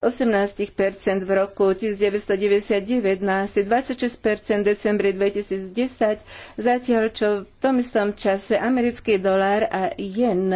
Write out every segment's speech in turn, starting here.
18% v roku 1999 na 26% v decembri 2010, zatiaľ čo v tom istom čase americký dolár a jen,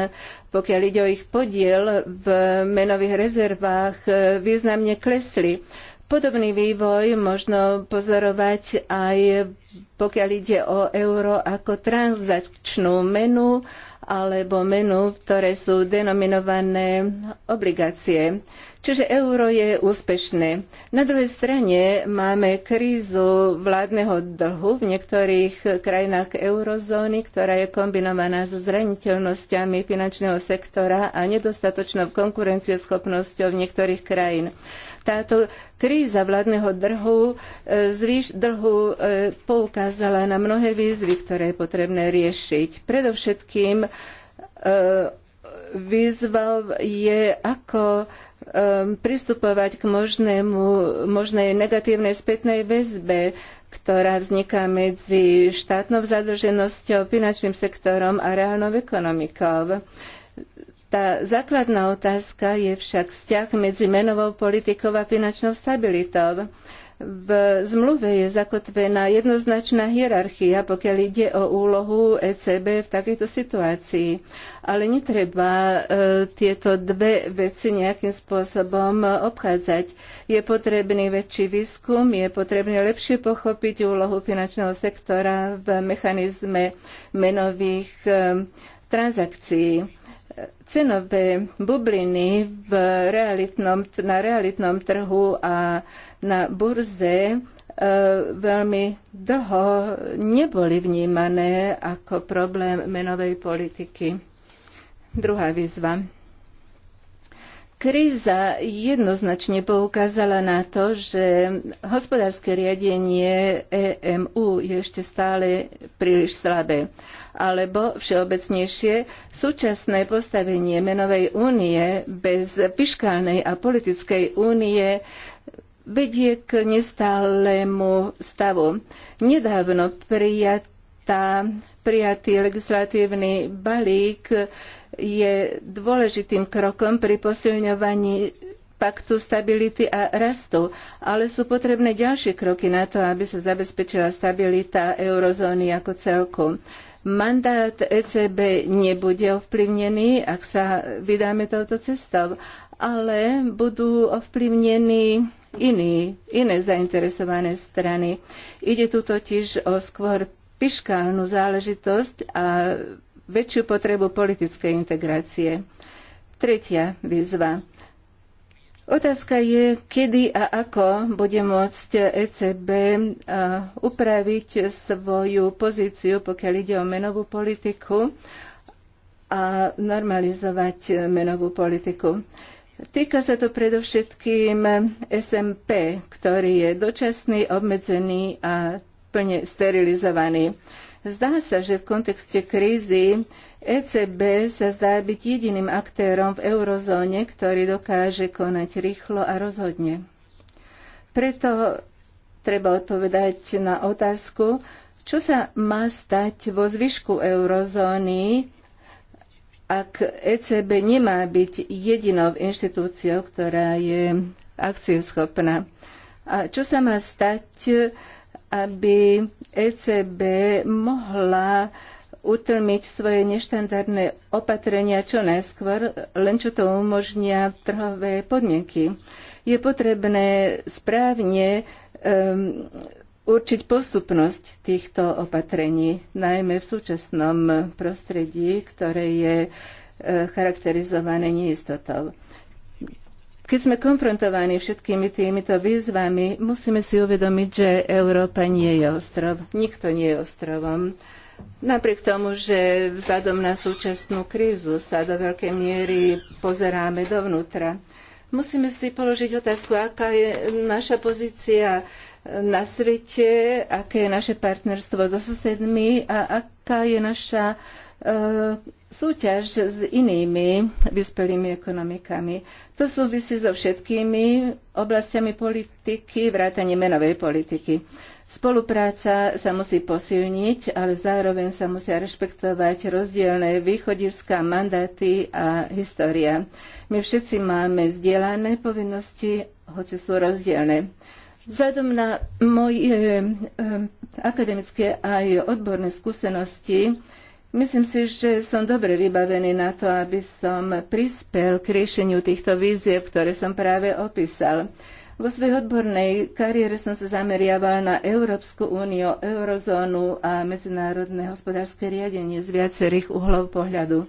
pokiaľ ide o ich podiel v menových rezervách, e, významne klesli. Podobný vývoj možno pozorovať aj pokiaľ ide o euro ako transakčnú menu alebo menu, v ktoré sú denominované obligácie. Čiže euro je úspešné. Na druhej strane máme krízu vládneho dlhu v niektorých krajinách eurozóny, ktorá je kombinovaná so zraniteľnosťami finančného sektora a nedostatočnou konkurencieschopnosťou niektorých krajín táto kríza vládneho drhu, e, zvýš, drhu e, poukázala na mnohé výzvy, ktoré je potrebné riešiť. Predovšetkým e, výzvou je, ako Um, pristupovať k možnému, možnej negatívnej spätnej väzbe, ktorá vzniká medzi štátnou zadlženosťou, finančným sektorom a reálnou ekonomikou. Tá základná otázka je však vzťah medzi menovou politikou a finančnou stabilitou. V zmluve je zakotvená jednoznačná hierarchia, pokiaľ ide o úlohu ECB v takejto situácii. Ale netreba e, tieto dve veci nejakým spôsobom obchádzať. Je potrebný väčší výskum, je potrebné lepšie pochopiť úlohu finančného sektora v mechanizme menových e, transakcií cenové bubliny v realitnom, na realitnom trhu a na burze e, veľmi dlho neboli vnímané ako problém menovej politiky. Druhá výzva. Kríza jednoznačne poukázala na to, že hospodárske riadenie EMU je ešte stále príliš slabé. Alebo všeobecnejšie, súčasné postavenie menovej únie bez fiskálnej a politickej únie vedie k nestálemu stavu. Nedávno prijatá, prijatý legislatívny balík je dôležitým krokom pri posilňovaní paktu stability a rastu, ale sú potrebné ďalšie kroky na to, aby sa zabezpečila stabilita eurozóny ako celku. Mandát ECB nebude ovplyvnený, ak sa vydáme touto cestou, ale budú ovplyvnení iní, iné zainteresované strany. Ide tu totiž o skôr fiškálnu záležitosť a väčšiu potrebu politickej integrácie. Tretia výzva. Otázka je, kedy a ako bude môcť ECB upraviť svoju pozíciu, pokiaľ ide o menovú politiku a normalizovať menovú politiku. Týka sa to predovšetkým SMP, ktorý je dočasný, obmedzený a plne sterilizovaný. Zdá sa, že v kontexte krízy ECB sa zdá byť jediným aktérom v eurozóne, ktorý dokáže konať rýchlo a rozhodne. Preto treba odpovedať na otázku, čo sa má stať vo zvyšku eurozóny, ak ECB nemá byť jedinou inštitúciou, ktorá je akcieschopná. A čo sa má stať aby ECB mohla utlmiť svoje neštandardné opatrenia čo najskôr, len čo to umožnia trhové podmienky. Je potrebné správne um, určiť postupnosť týchto opatrení, najmä v súčasnom prostredí, ktoré je eh, charakterizované neistotou. Keď sme konfrontovaní všetkými týmito výzvami, musíme si uvedomiť, že Európa nie je ostrov. Nikto nie je ostrovom. Napriek tomu, že vzhľadom na súčasnú krízu sa do veľkej miery pozeráme dovnútra, musíme si položiť otázku, aká je naša pozícia na svete, aké je naše partnerstvo so susedmi a aká je naša eh, súťaž s inými vyspelými ekonomikami. To súvisí so všetkými oblastiami politiky, vrátane menovej politiky. Spolupráca sa musí posilniť, ale zároveň sa musia rešpektovať rozdielne východiska, mandáty a história. My všetci máme zdieľané povinnosti, hoci sú rozdielne. Vzhľadom na moje eh, akademické aj odborné skúsenosti, Myslím si, že som dobre vybavený na to, aby som prispel k riešeniu týchto víziev, ktoré som práve opísal. Vo svojej odbornej kariére som sa zameriaval na Európsku úniu, eurozónu a medzinárodné hospodárske riadenie z viacerých uhlov pohľadu.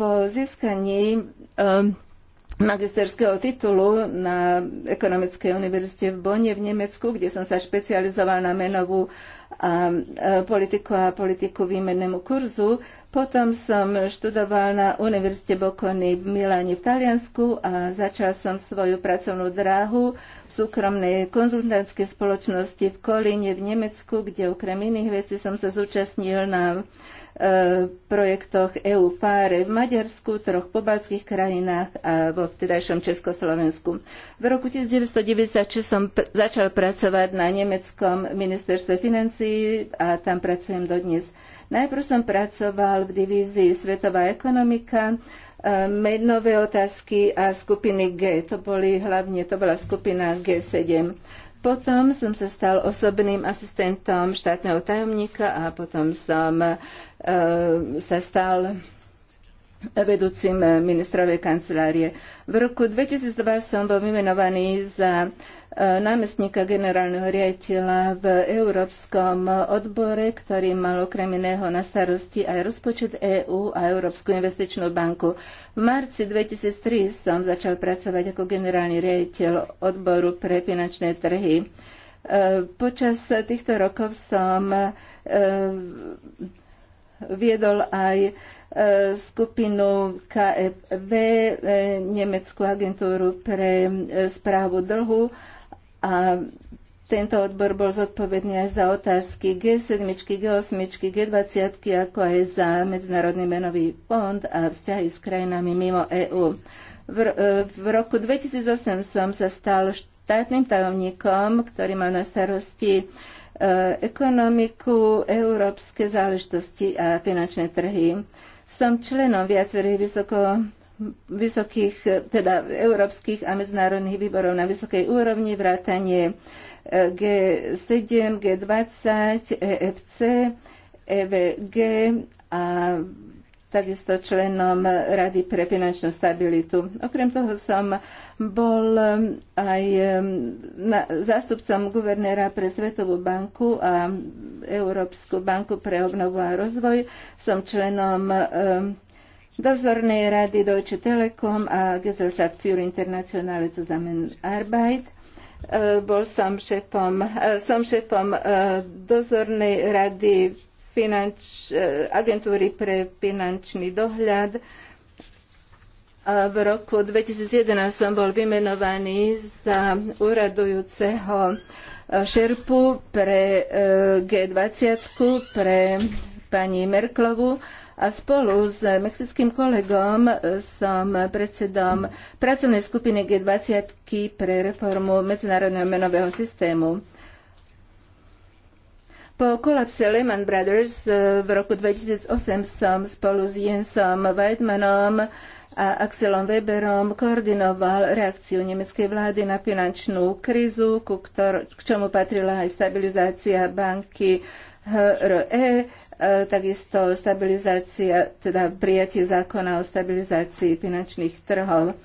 Po získaní um, magisterského titulu na Ekonomickej univerzite v Bonne v Nemecku, kde som sa špecializoval na menovú a e, politiku a politiku výmennému kurzu. Potom som študoval na Univerzite Bocconi v Miláne v Taliansku a začal som svoju pracovnú dráhu v súkromnej konzultantskej spoločnosti v Kolíne v Nemecku, kde okrem iných vecí som sa zúčastnil na Eh, projektoch EU FARE v Maďarsku, troch pobaltských krajinách a vo vtedajšom Československu. V roku 1996 som pr- začal pracovať na nemeckom ministerstve financií a tam pracujem dodnes. Najprv som pracoval v divízii Svetová ekonomika, eh, mednové otázky a skupiny G. To, boli hlavne, to bola skupina G7. Potom som sa stal osobným asistentom štátneho tajomníka a potom som e, sa stal vedúcim ministrovej kancelárie. V roku 2002 som bol vymenovaný za námestníka generálneho riaditeľa v Európskom odbore, ktorý mal okrem iného na starosti aj rozpočet EÚ a Európsku investičnú banku. V marci 2003 som začal pracovať ako generálny riaditeľ odboru pre finančné trhy. E, počas týchto rokov som e, viedol aj e, skupinu KFV, Nemeckú agentúru pre správu dlhu a tento odbor bol zodpovedný aj za otázky G7, G8, G20, ako aj za Medzinárodný menový fond a vzťahy s krajinami mimo EÚ. V, e, v roku 2008 som sa stal štátnym tajomníkom, ktorý mal na starosti e, ekonomiku, európske záležitosti a finančné trhy. Som členom viacerých vysoko vysokých, teda európskych a medzinárodných výborov na vysokej úrovni, vrátanie G7, G20, EFC, EVG a takisto členom Rady pre finančnú stabilitu. Okrem toho som bol aj zástupcom guvernéra pre Svetovú banku a Európsku banku pre obnovu a rozvoj. Som členom dozornej rady Deutsche Telekom a Gesellschaft für internationale Zusammenarbeit. E, bol som šéfom, e, som šéfom e, dozornej rady finanč, agentúry pre finančný dohľad. V roku 2011 som bol vymenovaný za úradujúceho šerpu pre G20, pre pani Merklovu a spolu s mexickým kolegom som predsedom pracovnej skupiny G20 pre reformu medzinárodného menového systému. Po kolapse Lehman Brothers e, v roku 2008 som spolu s Jensom Weidmanom a Axelom Weberom koordinoval reakciu nemeckej vlády na finančnú krizu, ku ktor- k čomu patrila aj stabilizácia banky HRE E, takisto stabilizácia, teda prijatie zákona o stabilizácii finančných trhov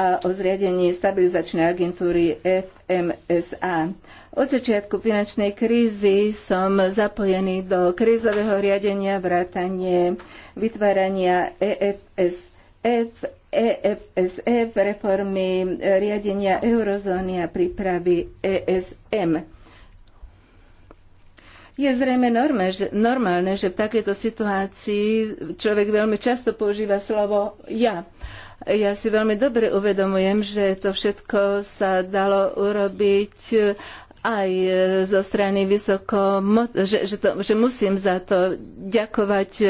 a o zriadení stabilizačnej agentúry FMSA. Od začiatku finančnej krízy som zapojený do krízového riadenia, vrátanie vytvárania EFSF, EFSF, reformy riadenia eurozóny a prípravy ESM. Je zrejme norme, že, normálne, že v takejto situácii človek veľmi často používa slovo ja. Ja si veľmi dobre uvedomujem, že to všetko sa dalo urobiť e, aj e, zo strany vysoko, že, že, to, že musím za to ďakovať e,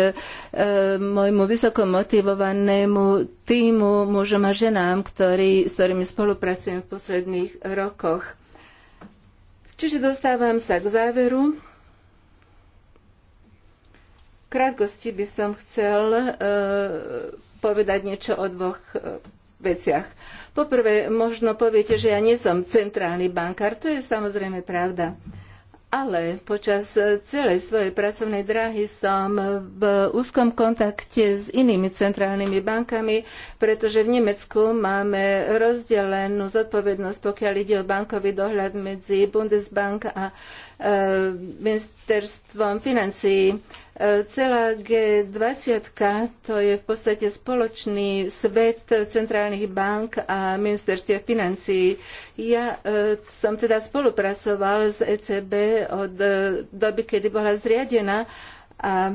môjmu vysoko motivovanému týmu mužom a ženám, ktorý, s ktorými spolupracujem v posledných rokoch. Čiže dostávam sa k záveru krátkosti by som chcel e, povedať niečo o dvoch e, veciach. Poprvé, možno poviete, že ja nie som centrálny bankár, to je samozrejme pravda. Ale počas e, celej svojej pracovnej dráhy som v úzkom kontakte s inými centrálnymi bankami, pretože v Nemecku máme rozdelenú zodpovednosť, pokiaľ ide o bankový dohľad medzi Bundesbank a ministerstvom financií. Celá G20 to je v podstate spoločný svet centrálnych bank a ministerstiev financií. Ja e, som teda spolupracoval s ECB od e, doby, kedy bola zriadená a e,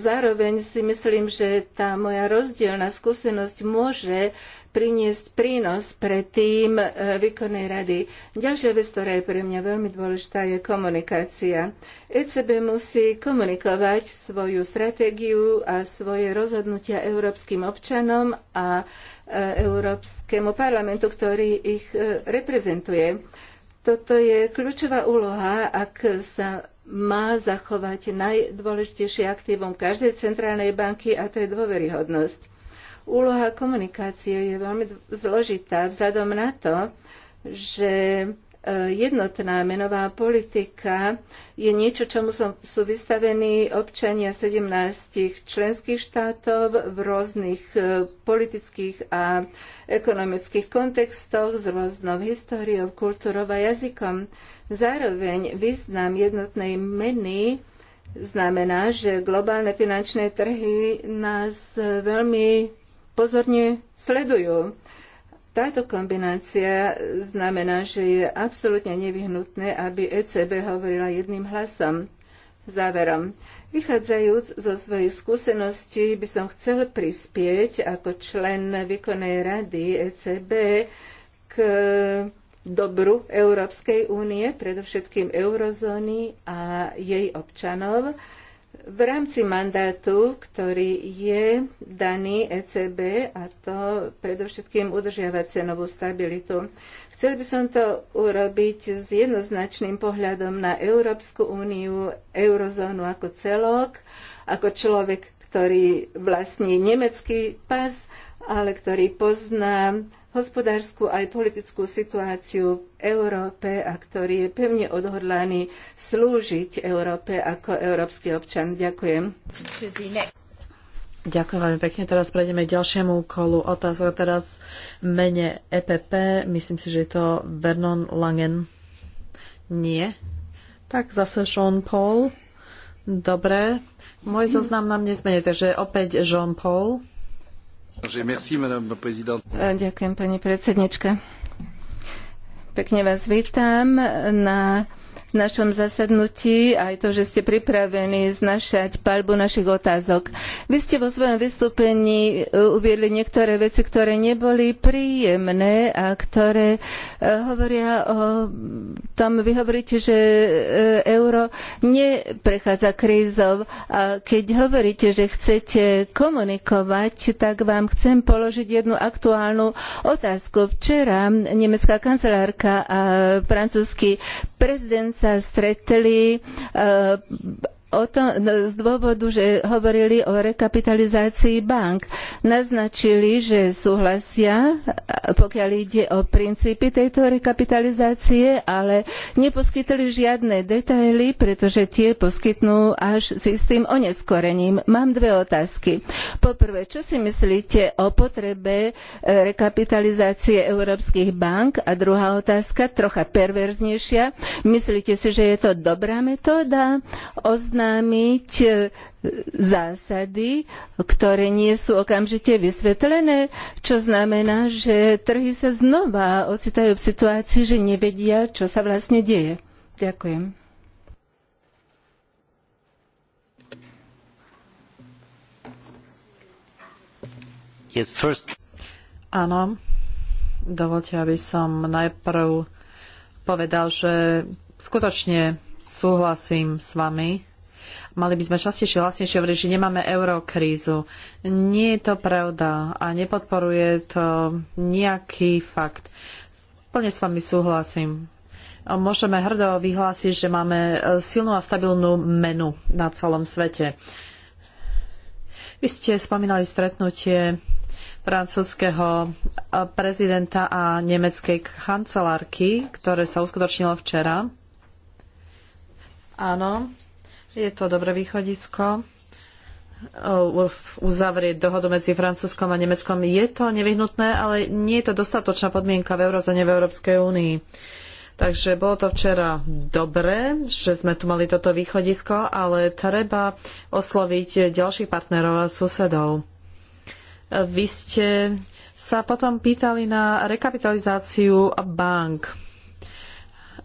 zároveň si myslím, že tá moja rozdielna skúsenosť môže priniesť prínos pre tým e, výkonnej rady. Ďalšia vec, ktorá je pre mňa veľmi dôležitá, je komunikácia. ECB musí komunikovať svoju stratégiu a svoje rozhodnutia európskym občanom a e, Európskemu parlamentu, ktorý ich e, reprezentuje. Toto je kľúčová úloha, ak sa má zachovať najdôležitejšie aktívum každej centrálnej banky a to je dôveryhodnosť. Úloha komunikácie je veľmi zložitá vzhľadom na to, že e, jednotná menová politika je niečo, čomu sú vystavení občania 17 členských štátov v rôznych e, politických a ekonomických kontextoch s rôznou históriou, kultúrou a jazykom. Zároveň význam jednotnej meny znamená, že globálne finančné trhy nás e, veľmi pozorne sledujú. Táto kombinácia znamená, že je absolútne nevyhnutné, aby ECB hovorila jedným hlasom. Záverom. Vychádzajúc zo svojich skúseností by som chcel prispieť ako člen výkonnej rady ECB k dobru Európskej únie, predovšetkým eurozóny a jej občanov, v rámci mandátu, ktorý je daný ECB, a to predovšetkým udržiavať cenovú stabilitu, Chcel by som to urobiť s jednoznačným pohľadom na Európsku úniu, eurozónu ako celok, ako človek, ktorý vlastní nemecký pas, ale ktorý pozná hospodárskú aj politickú situáciu v Európe a ktorý je pevne odhodlaný slúžiť Európe ako európsky občan. Ďakujem. Ďakujem veľmi pekne. Teraz prejdeme k ďalšiemu kolu otázok. Teraz mene EPP, myslím si, že je to Vernon Langen. Nie. Tak zase Jean-Paul. Dobre. Môj mhm. zoznam nám nezmení, takže opäť Jean-Paul. E, ďakujem, Pekne vás vítam na v našom zasadnutí, aj to, že ste pripravení znašať palbu našich otázok. Vy ste vo svojom vystúpení e, uviedli niektoré veci, ktoré neboli príjemné a ktoré e, hovoria o tom, vy hovoríte, že e, euro neprechádza krízou a keď hovoríte, že chcete komunikovať, tak vám chcem položiť jednu aktuálnu otázku. Včera nemecká kancelárka a francúzsky prezident sa stretli eh, o z dôvodu, že hovorili o rekapitalizácii bank. Naznačili, že súhlasia, pokiaľ ide o princípy tejto rekapitalizácie, ale neposkytli žiadne detaily, pretože tie poskytnú až s istým oneskorením. Mám dve otázky. Poprvé, čo si myslíte o potrebe e, rekapitalizácie európskych bank? A druhá otázka, trocha perverznejšia. Myslíte si, že je to dobrá metóda? Ozna oznámiť e, zásady, ktoré nie sú okamžite vysvetlené, čo znamená, že trhy sa znova ocitajú v situácii, že nevedia, čo sa vlastne deje. Ďakujem. Yes, first... Áno, dovolte, aby som najprv povedal, že skutočne súhlasím s vami Mali by sme častejšie vlastnejšie hovoriť, že nemáme eurokrízu. Nie je to pravda a nepodporuje to nejaký fakt. Plne s vami súhlasím. Môžeme hrdo vyhlásiť, že máme e, silnú a stabilnú menu na celom svete. Vy ste spomínali stretnutie francúzského e, prezidenta a nemeckej kancelárky, ktoré sa uskutočnilo včera. Áno, je to dobré východisko uh, uzavrieť dohodu medzi Francúzskom a Nemeckom. Je to nevyhnutné, ale nie je to dostatočná podmienka v eurozóne v Európskej únii. Takže bolo to včera dobré, že sme tu mali toto východisko, ale treba osloviť ďalších partnerov a susedov. Vy ste sa potom pýtali na rekapitalizáciu bank.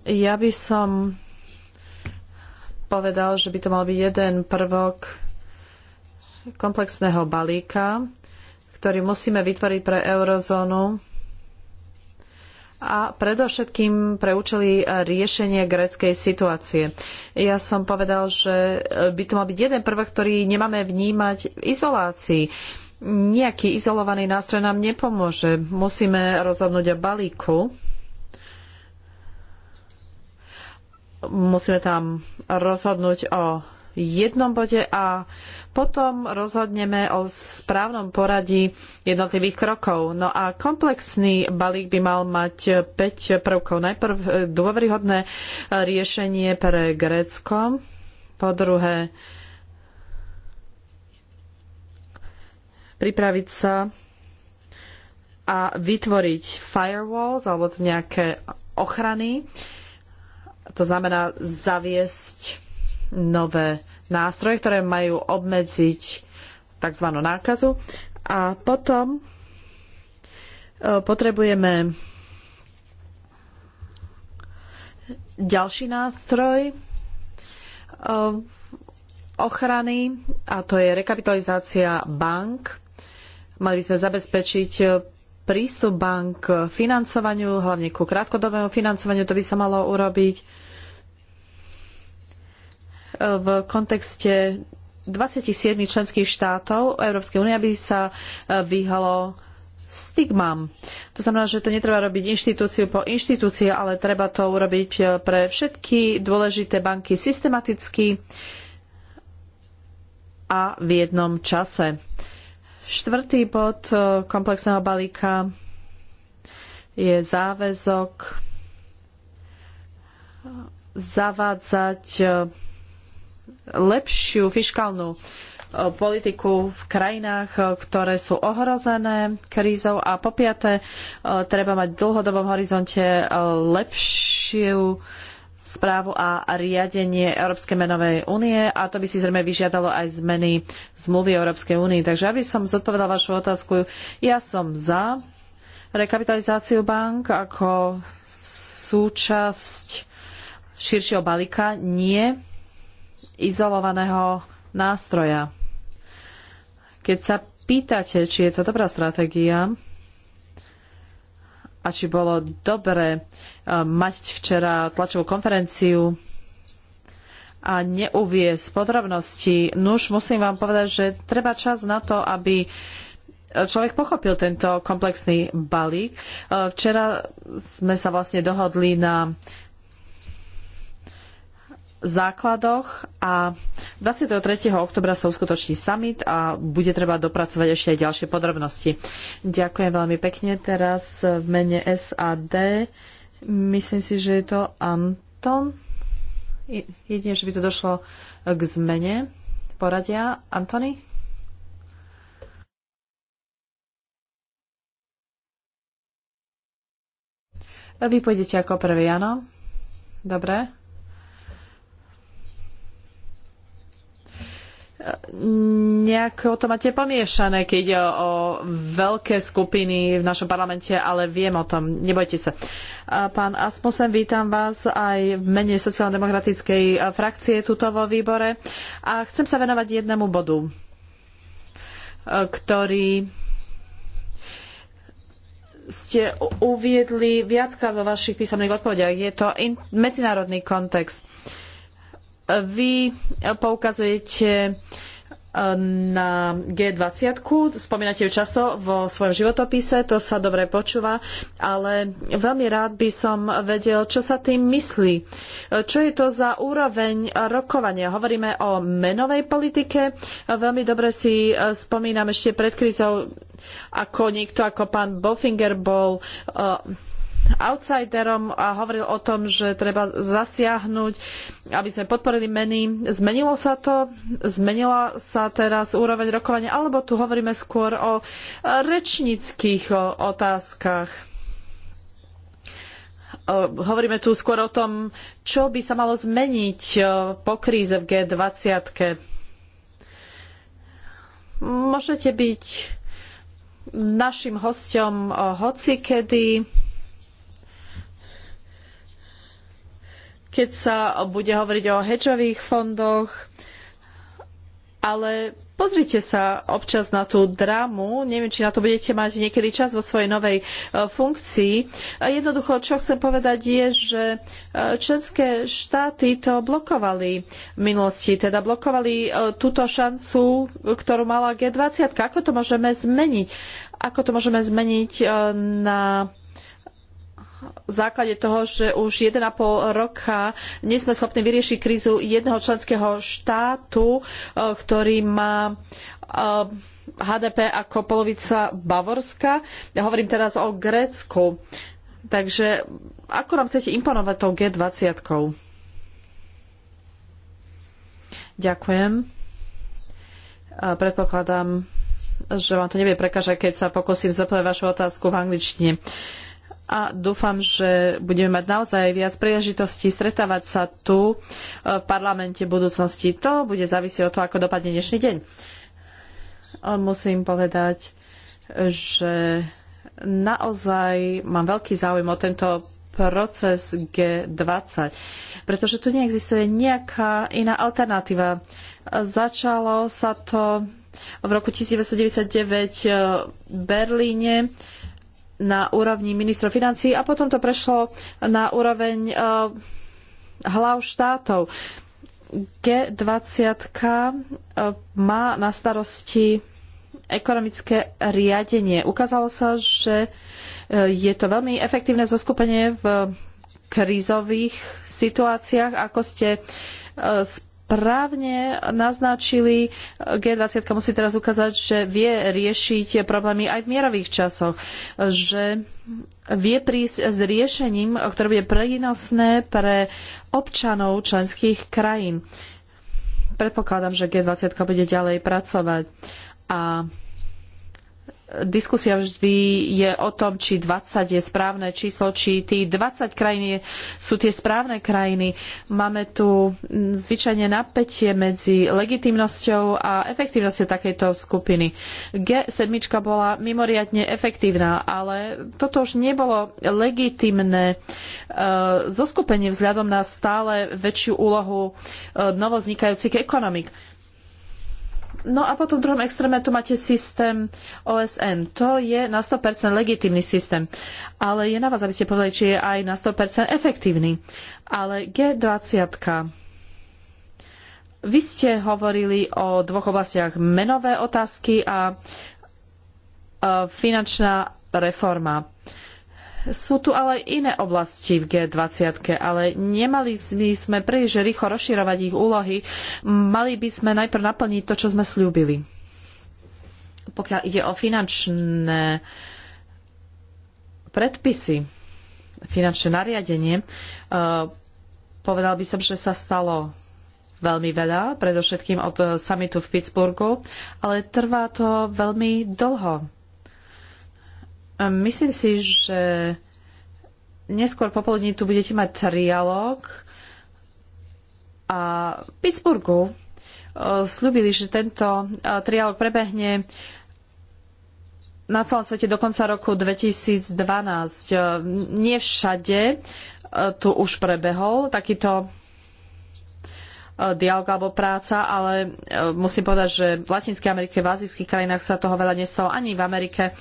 Ja by som povedal, že by to mal byť jeden prvok komplexného balíka, ktorý musíme vytvoriť pre eurozónu a predovšetkým pre účely riešenie gréckej situácie. Ja som povedal, že by to mal byť jeden prvok, ktorý nemáme vnímať v izolácii. Nejaký izolovaný nástroj nám nepomôže. Musíme rozhodnúť o balíku, musíme tam rozhodnúť o jednom bode a potom rozhodneme o správnom poradí jednotlivých krokov. No a komplexný balík by mal mať 5 prvkov. Najprv e, dôveryhodné e, riešenie pre Grécko, po druhé pripraviť sa a vytvoriť firewalls alebo nejaké ochrany. To znamená zaviesť nové nástroje, ktoré majú obmedziť tzv. nákazu. A potom e, potrebujeme ďalší nástroj e, ochrany a to je rekapitalizácia bank. Mali by sme zabezpečiť e, prístup bank k financovaniu, hlavne ku krátkodobému financovaniu, to by sa malo urobiť v kontexte 27 členských štátov Európskej únie, aby sa e, vyhalo stigmám. To znamená, že to netreba robiť inštitúciu po inštitúcii, ale treba to urobiť e, pre všetky dôležité banky systematicky a v jednom čase. Štvrtý bod e, komplexného balíka je záväzok zavádzať lepšiu fiškálnu e, politiku v krajinách, e, ktoré sú ohrozené krízou a po piaté e, treba mať v dlhodobom horizonte lepšiu správu a riadenie Európskej menovej únie a to by si zrejme vyžiadalo aj zmeny zmluvy Európskej únie. Takže aby som zodpovedala vašu otázku, ja som za rekapitalizáciu bank ako súčasť širšieho balíka, nie izolovaného nástroja. Keď sa pýtate, či je to dobrá stratégia a či bolo dobré e, mať včera tlačovú konferenciu a neuviesť podrobnosti, nuž musím vám povedať, že treba čas na to, aby človek pochopil tento komplexný balík. E, včera sme sa vlastne dohodli na základoch a 23. oktobra sa uskutoční summit a bude treba dopracovať ešte aj ďalšie podrobnosti. Ďakujem veľmi pekne. Teraz v mene SAD myslím si, že je to Anton. Jedine, že by to došlo k zmene poradia. Antony? Vy pôjdete ako prvý, áno? Dobre. nejako to máte pomiešané, keď ide o veľké skupiny v našom parlamente, ale viem o tom, nebojte sa. Pán Asmusen, vítam vás aj v mene sociálno-demokratickej frakcie tuto vo výbore a chcem sa venovať jednému bodu, ktorý ste uviedli viackrát vo vašich písomných odpovediach. Je to medzinárodný kontext. Uh, vy poukazujete e, na G20. Spomínate ju často vo svojom životopise, to sa dobre počúva, ale veľmi rád by som vedel, čo sa tým myslí. E, čo je to za úroveň rokovania? Hovoríme o menovej politike. Veľmi dobre si e, spomínam ešte pred krízou, ako niekto ako pán Bofinger bol outsiderom a hovoril o tom, že treba zasiahnuť, aby sme podporili meny. Zmenilo sa to? Zmenila sa teraz úroveň rokovania? Alebo tu hovoríme skôr o rečníckých otázkach? Hovoríme tu skôr o tom, čo by sa malo zmeniť po kríze v G20. Môžete byť našim hosťom hocikedy keď sa bude hovoriť o hedžových fondoch, ale pozrite sa občas na tú dramu, neviem, či na to budete mať niekedy čas vo svojej novej e, funkcii. E, jednoducho, čo chcem povedať je, že e, členské štáty to blokovali v minulosti, teda blokovali túto šancu, ktorú mala G20. Ako to môžeme zmeniť? Ako to môžeme zmeniť na základe toho, že už 1,5 roka nie sme schopní vyriešiť krízu jedného členského štátu, e, ktorý má e, HDP ako polovica Bavorska. Ja hovorím teraz o Grécku. Takže ako nám chcete imponovať tou G20? -kou? Ďakujem. Predpokladám, že vám to nebude prekážať, keď sa pokúsim zodpovedať vašu otázku v angličtine. Uh, a dúfam, že budeme mať naozaj viac príležitostí stretávať sa tu e, v parlamente v budúcnosti. To bude závisieť od toho, ako dopadne dnešný deň. Musím povedať, že naozaj mám veľký záujem o tento proces G20, pretože tu neexistuje nejaká iná alternatíva. Začalo sa to v roku 1999 v Berlíne na úrovni ministra financí a potom to prešlo na úroveň eh, hlav štátov. G20 eh, má na starosti ekonomické riadenie. Ukázalo sa, že eh, je to veľmi efektívne zoskupenie v krízových situáciách, ako ste právne naznačili, G20 musí teraz ukázať, že vie riešiť problémy aj v mierových časoch, že vie prísť s riešením, ktoré bude prínosné pre občanov členských krajín. Predpokladám, že G20 bude ďalej pracovať. A diskusia vždy je o tom, či 20 je správne číslo, či tých 20 krajín sú tie správne krajiny. Máme tu zvyčajne napätie medzi legitimnosťou a efektívnosťou takejto skupiny. G7 bola mimoriadne efektívna, ale toto už nebolo legitimné e, zoskupenie vzhľadom na stále väčšiu úlohu e, novoznikajúcich ekonomik No a potom v druhom extréme tu máte systém OSN. To je na 100% legitímny systém. Ale je na vás, aby ste povedali, či je aj na 100% efektívny. Ale G20. Vy ste hovorili o dvoch oblastiach. Menové otázky a finančná reforma. Sú tu ale aj iné oblasti v G20, ale nemali by sme príliš rýchlo rozširovať ich úlohy. Mali by sme najprv naplniť to, čo sme slúbili. Pokiaľ ide o finančné predpisy, finančné nariadenie, e, povedal by som, že sa stalo veľmi veľa, predovšetkým od e, samitu v Pittsburghu, ale trvá to veľmi dlho. Myslím si, že neskôr popoludní tu budete mať trialog a v Pittsburghu eh, slúbili, že tento eh, trialog prebehne na celom svete do konca roku 2012. Eh, nie všade tu už prebehol takýto dialog alebo práca, ale musím povedať, že v Latinskej Amerike, v azijských krajinách sa toho veľa nestalo, ani v Amerike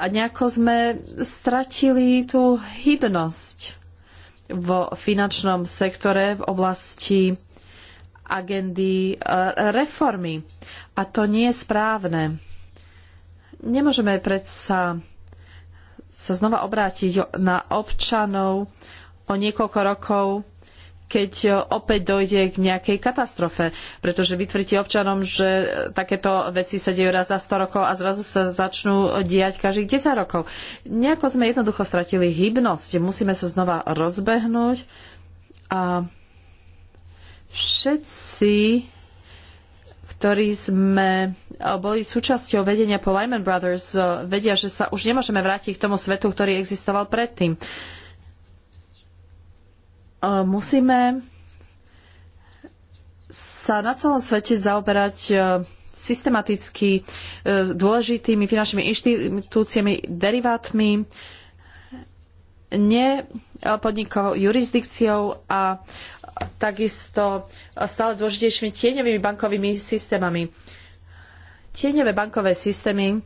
a nejako sme stratili tú hybnosť vo finančnom sektore v oblasti agendy e, reformy. A to nie je správne. Nemôžeme predsa sa znova obrátiť na občanov o niekoľko rokov keď opäť dojde k nejakej katastrofe. Pretože vytvrtíte občanom, že takéto veci sa dejú raz za 100 rokov a zrazu sa začnú diať každých 10 rokov. Nejako sme jednoducho stratili hybnosť. Musíme sa znova rozbehnúť a všetci ktorí sme eh, boli súčasťou vedenia po Lehman Brothers, eh, vedia, že sa už nemôžeme vrátiť k tomu svetu, ktorý existoval predtým. Eh, musíme sa na celom svete zaoberať eh, systematicky eh, dôležitými finančnými inštitúciami, derivátmi, nepodnikovou jurisdikciou a takisto stále dôležitejšími tieňovými bankovými systémami. Tieňové bankové systémy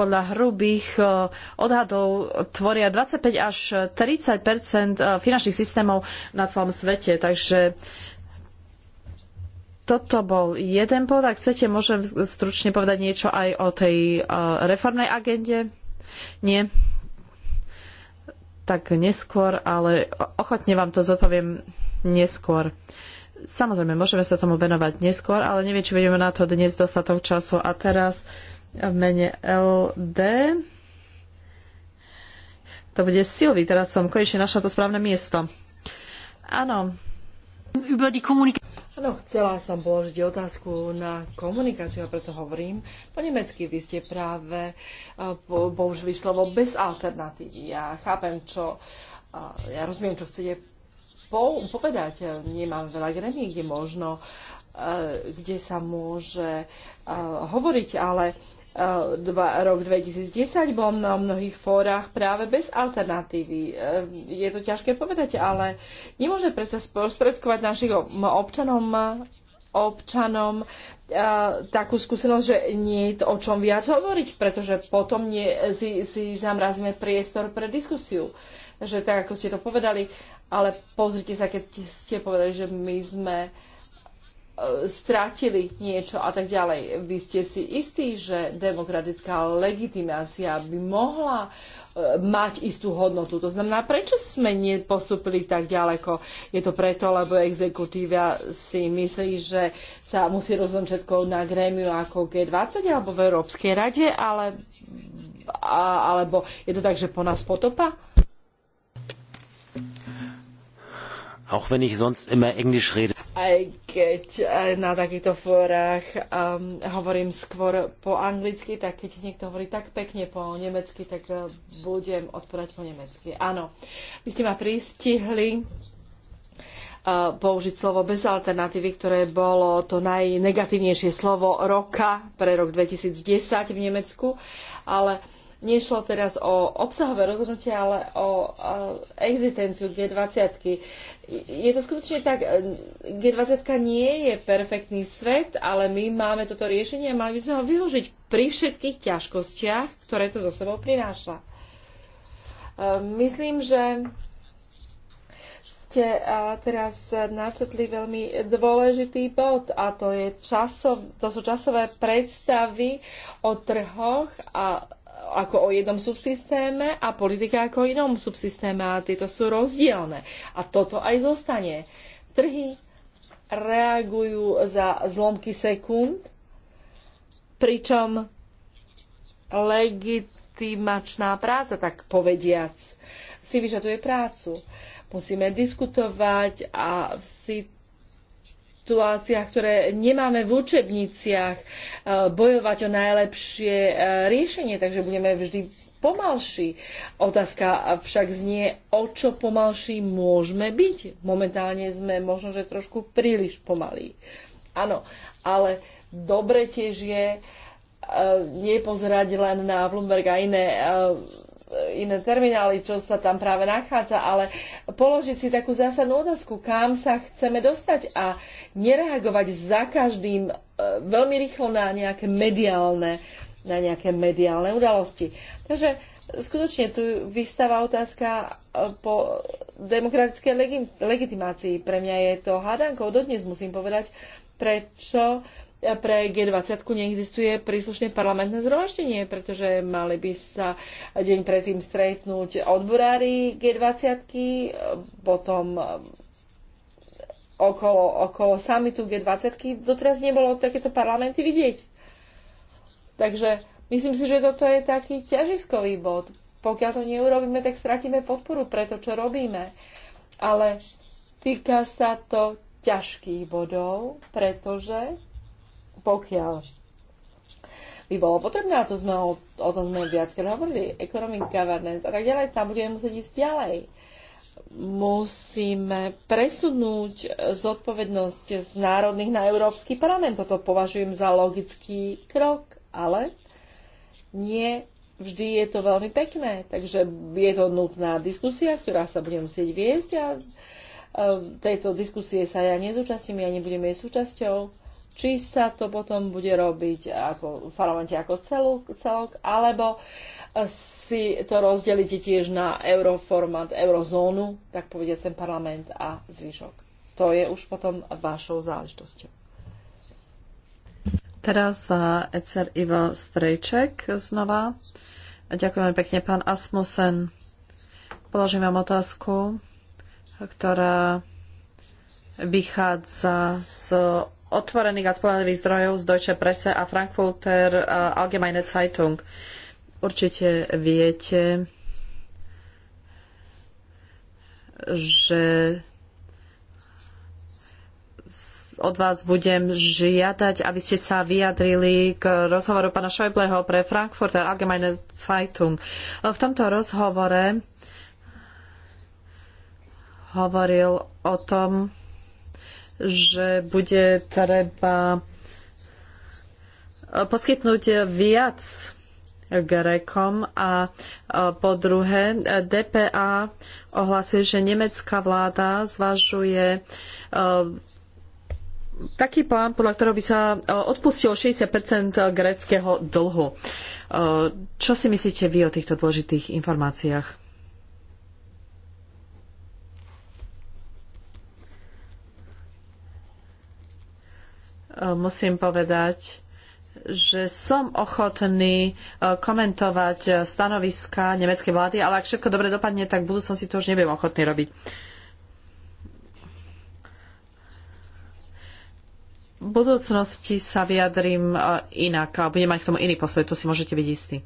podľa hrubých e, odhadov tvoria 25 až 30 e, finančných systémov na celom svete. Takže toto bol jeden bod. Ak chcete, môžem stručne povedať niečo aj o tej e, reformnej agende. Nie? Tak neskôr, ale ochotne vám to zodpoviem neskôr. Samozrejme, môžeme sa tomu venovať neskôr, ale neviem, či budeme na to dnes dostatok času. A teraz v mene LD. To bude Silvi, teraz som konečne našla to správne miesto. Áno. Áno, chcela som položiť otázku na komunikáciu a preto hovorím po nemecky. Vy ste práve eh, použili slovo bez alternatívy. Ja chápem, čo... Eh, ja rozumiem, čo chcete povedať. Nemám veľa gremí, kde možno eh, kde sa môže hovoriť, ale Eh, dva, rok 2010 bol na mnohých fórach práve bez alternatívy. Eh, je to ťažké povedať, ale nemôžeme predsa sprostredkovať našich občanom občanom eh, takú skúsenosť, že nie je to o čom viac hovoriť, pretože potom nie, si, si zamrazíme priestor pre diskusiu. Že tak, ako ste to povedali, ale pozrite sa, keď ste povedali, že my sme strátili niečo a tak ďalej. Vy ste si istí, že demokratická legitimácia by mohla e, mať istú hodnotu. To znamená, prečo sme nepostupili tak ďaleko? Je to preto, lebo exekutíva si myslí, že sa musí rozhodnúť všetko na grémiu ako G20 alebo v Európskej rade, ale, a, alebo je to tak, že po nás potopa? Auch wenn ich sonst immer Englisch rede. Aj keď eh, na takýchto fórach um, hovorím skôr po anglicky, tak keď niekto hovorí tak pekne po nemecky, tak eh, budem odpovedať po nemecky. Áno, vy ste ma pristihli uh, použiť slovo bez alternatívy, ktoré bolo to najnegatívnejšie slovo roka pre rok 2010 v Nemecku, ale uh, nešlo teraz o obsahové rozhodnutie, ale o existenciu G20. Je to skutočne tak, G20 nie je perfektný svet, ale my máme toto riešenie a mali by sme ho využiť pri všetkých ťažkostiach, ktoré to zo sebou prináša. E, myslím, že ste e, teraz načetli veľmi dôležitý bod a to, je časov, to sú časové predstavy o trhoch a ako o jednom subsystéme a politika ako o inom subsystéme a tieto sú rozdielne. A toto aj zostane. Trhy reagujú za zlomky sekúnd, pričom legitimačná práca, tak povediac, si vyžaduje prácu. Musíme diskutovať a v situácii situáciách, ktoré nemáme v učebniciach, e, bojovať o najlepšie e, riešenie, takže budeme vždy pomalší. Otázka však znie, o čo pomalší môžeme byť. Momentálne sme možno, že trošku príliš pomalí. Áno, ale dobre tiež je e, nepozerať len na Bloomberg a iné iné terminály, čo sa tam práve nachádza, ale položiť si takú zásadnú otázku, kam sa chceme dostať a nereagovať za každým e, veľmi rýchlo na nejaké mediálne, na nejaké mediálne udalosti. Takže skutočne tu vystáva otázka e, po demokratickej legitimácii. Pre mňa je to hádankou, dodnes musím povedať, prečo pre G20 neexistuje príslušné parlamentné zhromaždenie, pretože mali by sa deň predtým stretnúť odborári G20, potom eh, okolo, okolo samitu G20 doteraz nebolo takéto parlamenty vidieť. Takže myslím si, že toto je taký ťažiskový bod. Pokiaľ to neurobíme, tak stratíme podporu pre to, čo robíme. Ale týka sa to ťažkých bodov, pretože pokiaľ by bolo potrebné, a to sme o, o tom sme viackrát hovorili, economic governance a tak ďalej, tam budeme musieť ísť ďalej. Musíme presunúť zodpovednosť z národných na Európsky parlament. Toto považujem za logický krok, ale nie vždy je to veľmi pekné. Takže je to nutná diskusia, ktorá sa bude musieť viesť a e, tejto diskusie sa ja nezúčastním, ja nebudem jej súčasťou či sa to potom bude robiť ako v parlamente ako celok, celok alebo si to rozdelíte tiež na euroformat, eurozónu, tak povedia sem parlament a zvyšok. To je už potom vašou záležitosťou. Teraz za ECR Ivo Strejček znova. Ďakujeme pekne, pán Asmusen. Položím vám otázku, ktorá vychádza z otvorených a spolahlivých zdrojov z Deutsche Presse a Frankfurter eh, Allgemeine Zeitung. Určite viete, že od vás budem žiadať, aby ste sa vyjadrili k rozhovoru pána Schäubleho pre Frankfurter Allgemeine Zeitung. Eh, v tomto rozhovore hovoril o tom, že bude treba eh, poskytnúť viac Grékom a eh, po druhé DPA ohlasuje, že nemecká vláda zvažuje eh, taký plán, podľa ktorého by sa odpustilo 60 gréckého dlhu. Čo si myslíte vy o týchto dôležitých informáciách? Eh, musím povedať, že som ochotný eh, komentovať eh, stanoviska nemeckej vlády, ale ak všetko dobre dopadne, tak v budúcnosti to už nebudem ochotný robiť. V budúcnosti sa vyjadrím inak a budem mať k tomu iný postoj, to si môžete byť istý.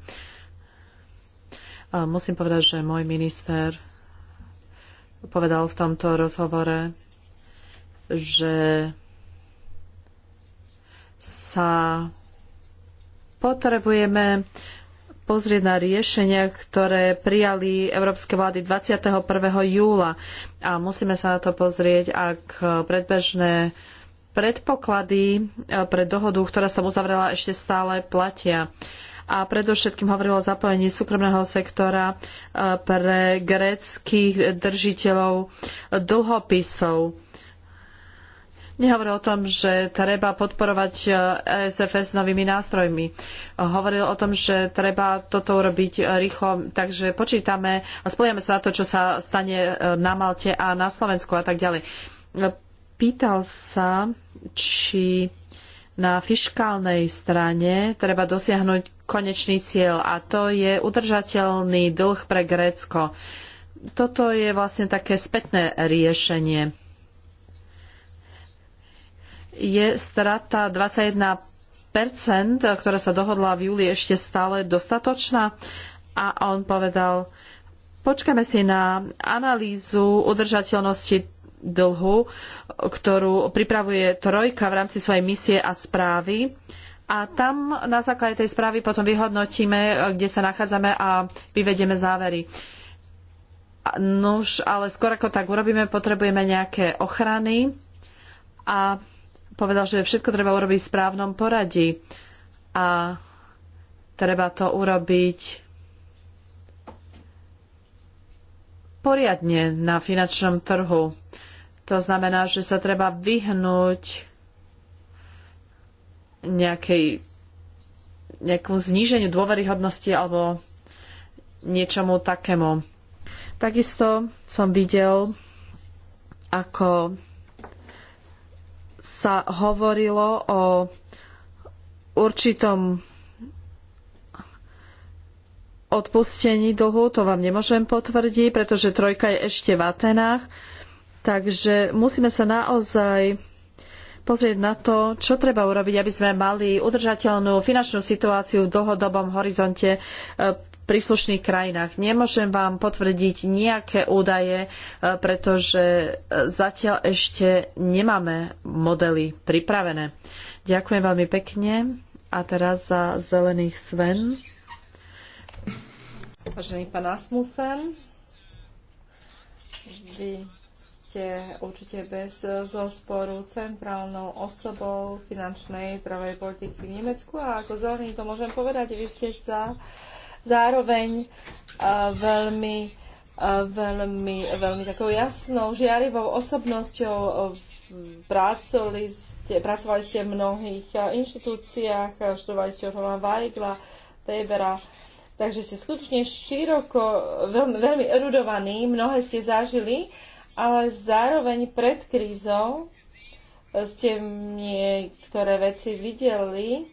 Musím povedať, že môj minister povedal v tomto rozhovore, že sa potrebujeme pozrieť na riešenia, ktoré prijali európske vlády 21. júla. A musíme sa na to pozrieť, ak predbežné predpoklady e, pre dohodu, ktorá sa uzavrela, ešte stále platia. A predovšetkým hovorilo o zapojení súkromného sektora e, pre gréckych držiteľov dlhopisov nehovoril o tom, že treba podporovať ESFS novými nástrojmi. Hovoril o tom, že treba toto urobiť e, rýchlo, takže počítame a spojame sa na to, čo sa stane e, na Malte a na Slovensku a tak ďalej. E, pýtal sa, či na fiškálnej strane treba dosiahnuť konečný cieľ a to je udržateľný dlh pre Grécko. Toto je vlastne také spätné riešenie je strata 21 ktorá sa dohodla v júli, ešte stále dostatočná? A on povedal, počkame si na analýzu udržateľnosti dlhu, ktorú pripravuje Trojka v rámci svojej misie a správy. A tam na základe tej správy potom vyhodnotíme, kde sa nachádzame a vyvedieme závery. Nuž, ale skôr ako tak urobíme, potrebujeme nejaké ochrany a povedal, že všetko treba urobiť v správnom poradí a treba to urobiť poriadne na finančnom trhu. To znamená, že sa treba vyhnúť nejakej, nejakému zníženiu dôveryhodnosti alebo niečomu takému. Takisto som videl, ako sa hovorilo o určitom odpustení dlhu, to vám nemôžem potvrdiť, pretože trojka je ešte v Atenách. Takže musíme sa naozaj pozrieť na to, čo treba urobiť, aby sme mali udržateľnú finančnú situáciu v dlhodobom horizonte príslušných krajinách. Nemôžem vám potvrdiť nejaké údaje, e, pretože e, zatiaľ ešte nemáme modely pripravené. Ďakujem veľmi pekne a teraz za zelených Sven. Vážený pán Asmusen, vy ste určite bez zosporu centrálnou osobou finančnej zdravej politiky v Nemecku a ako zelený to môžem povedať, vy ste za zároveň e, veľmi, e, veľmi, veľmi takou jasnou, žiarivou osobnosťou. E, pracovali ste, pracovali ste v mnohých inštitúciách, študovali ste od Holana Weigla, Webera, takže ste skutočne široko, veľmi, veľmi erudovaní, mnohé ste zažili, ale zároveň pred krízou ste niektoré veci videli,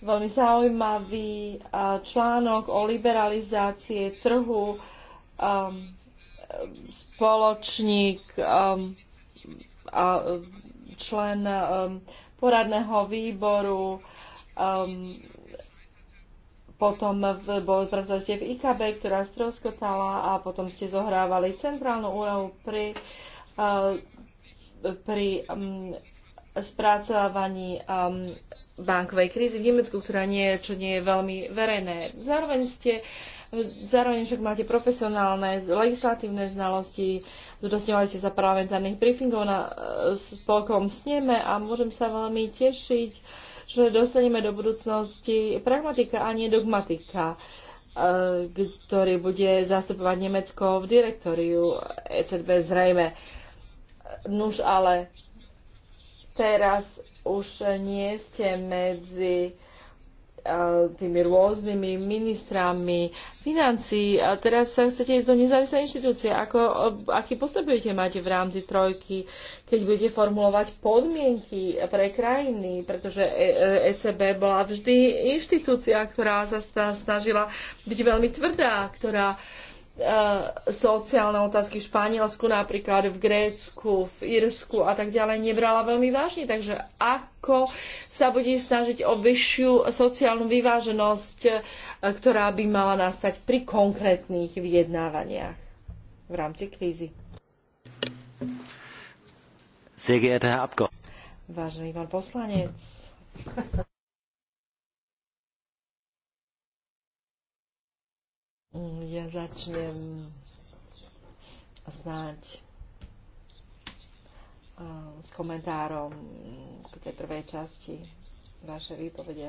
veľmi zaujímavý článok o liberalizácie trhu. Um, spoločník um, a člen um, poradného výboru um, potom v, bol, pracovali v IKB, ktorá stroskotala a potom ste zohrávali centrálnu úlohu pri, uh, pri um, spracovávaní um, bankovej krízy v Nemecku, ktorá nie, čo nie je veľmi verejné. Zároveň ste Zároveň však máte profesionálne legislatívne znalosti, zúčastňovali ste sa parlamentárnych briefingov na e, spolkom sneme a môžem sa veľmi tešiť, že dostaneme do budúcnosti pragmatika a nie dogmatika, e, ktorý bude zastupovať Nemecko v direktóriu ECB zrejme. Nuž ale Teraz už nie ste medzi eh, tými rôznymi ministrami financí a teraz sa chcete ísť do nezávislej inštitúcie. Ako, eh, aký postup budete mať v rámci trojky, keď budete formulovať podmienky pre krajiny, pretože ECB eh, e bola vždy inštitúcia, ktorá sa snažila byť veľmi tvrdá, ktorá E, sociálne otázky v Španielsku, napríklad v Grécku, v Írsku a tak ďalej nebrala veľmi vážne. Takže ako sa bude snažiť o vyššiu sociálnu vyváženosť, e, ktorá by mala nastať pri konkrétnych vyjednávaniach v rámci krízy? Vážený pán poslanec. Mm, ja začnem snáď s komentárom k tej prvej časti vašej výpovede.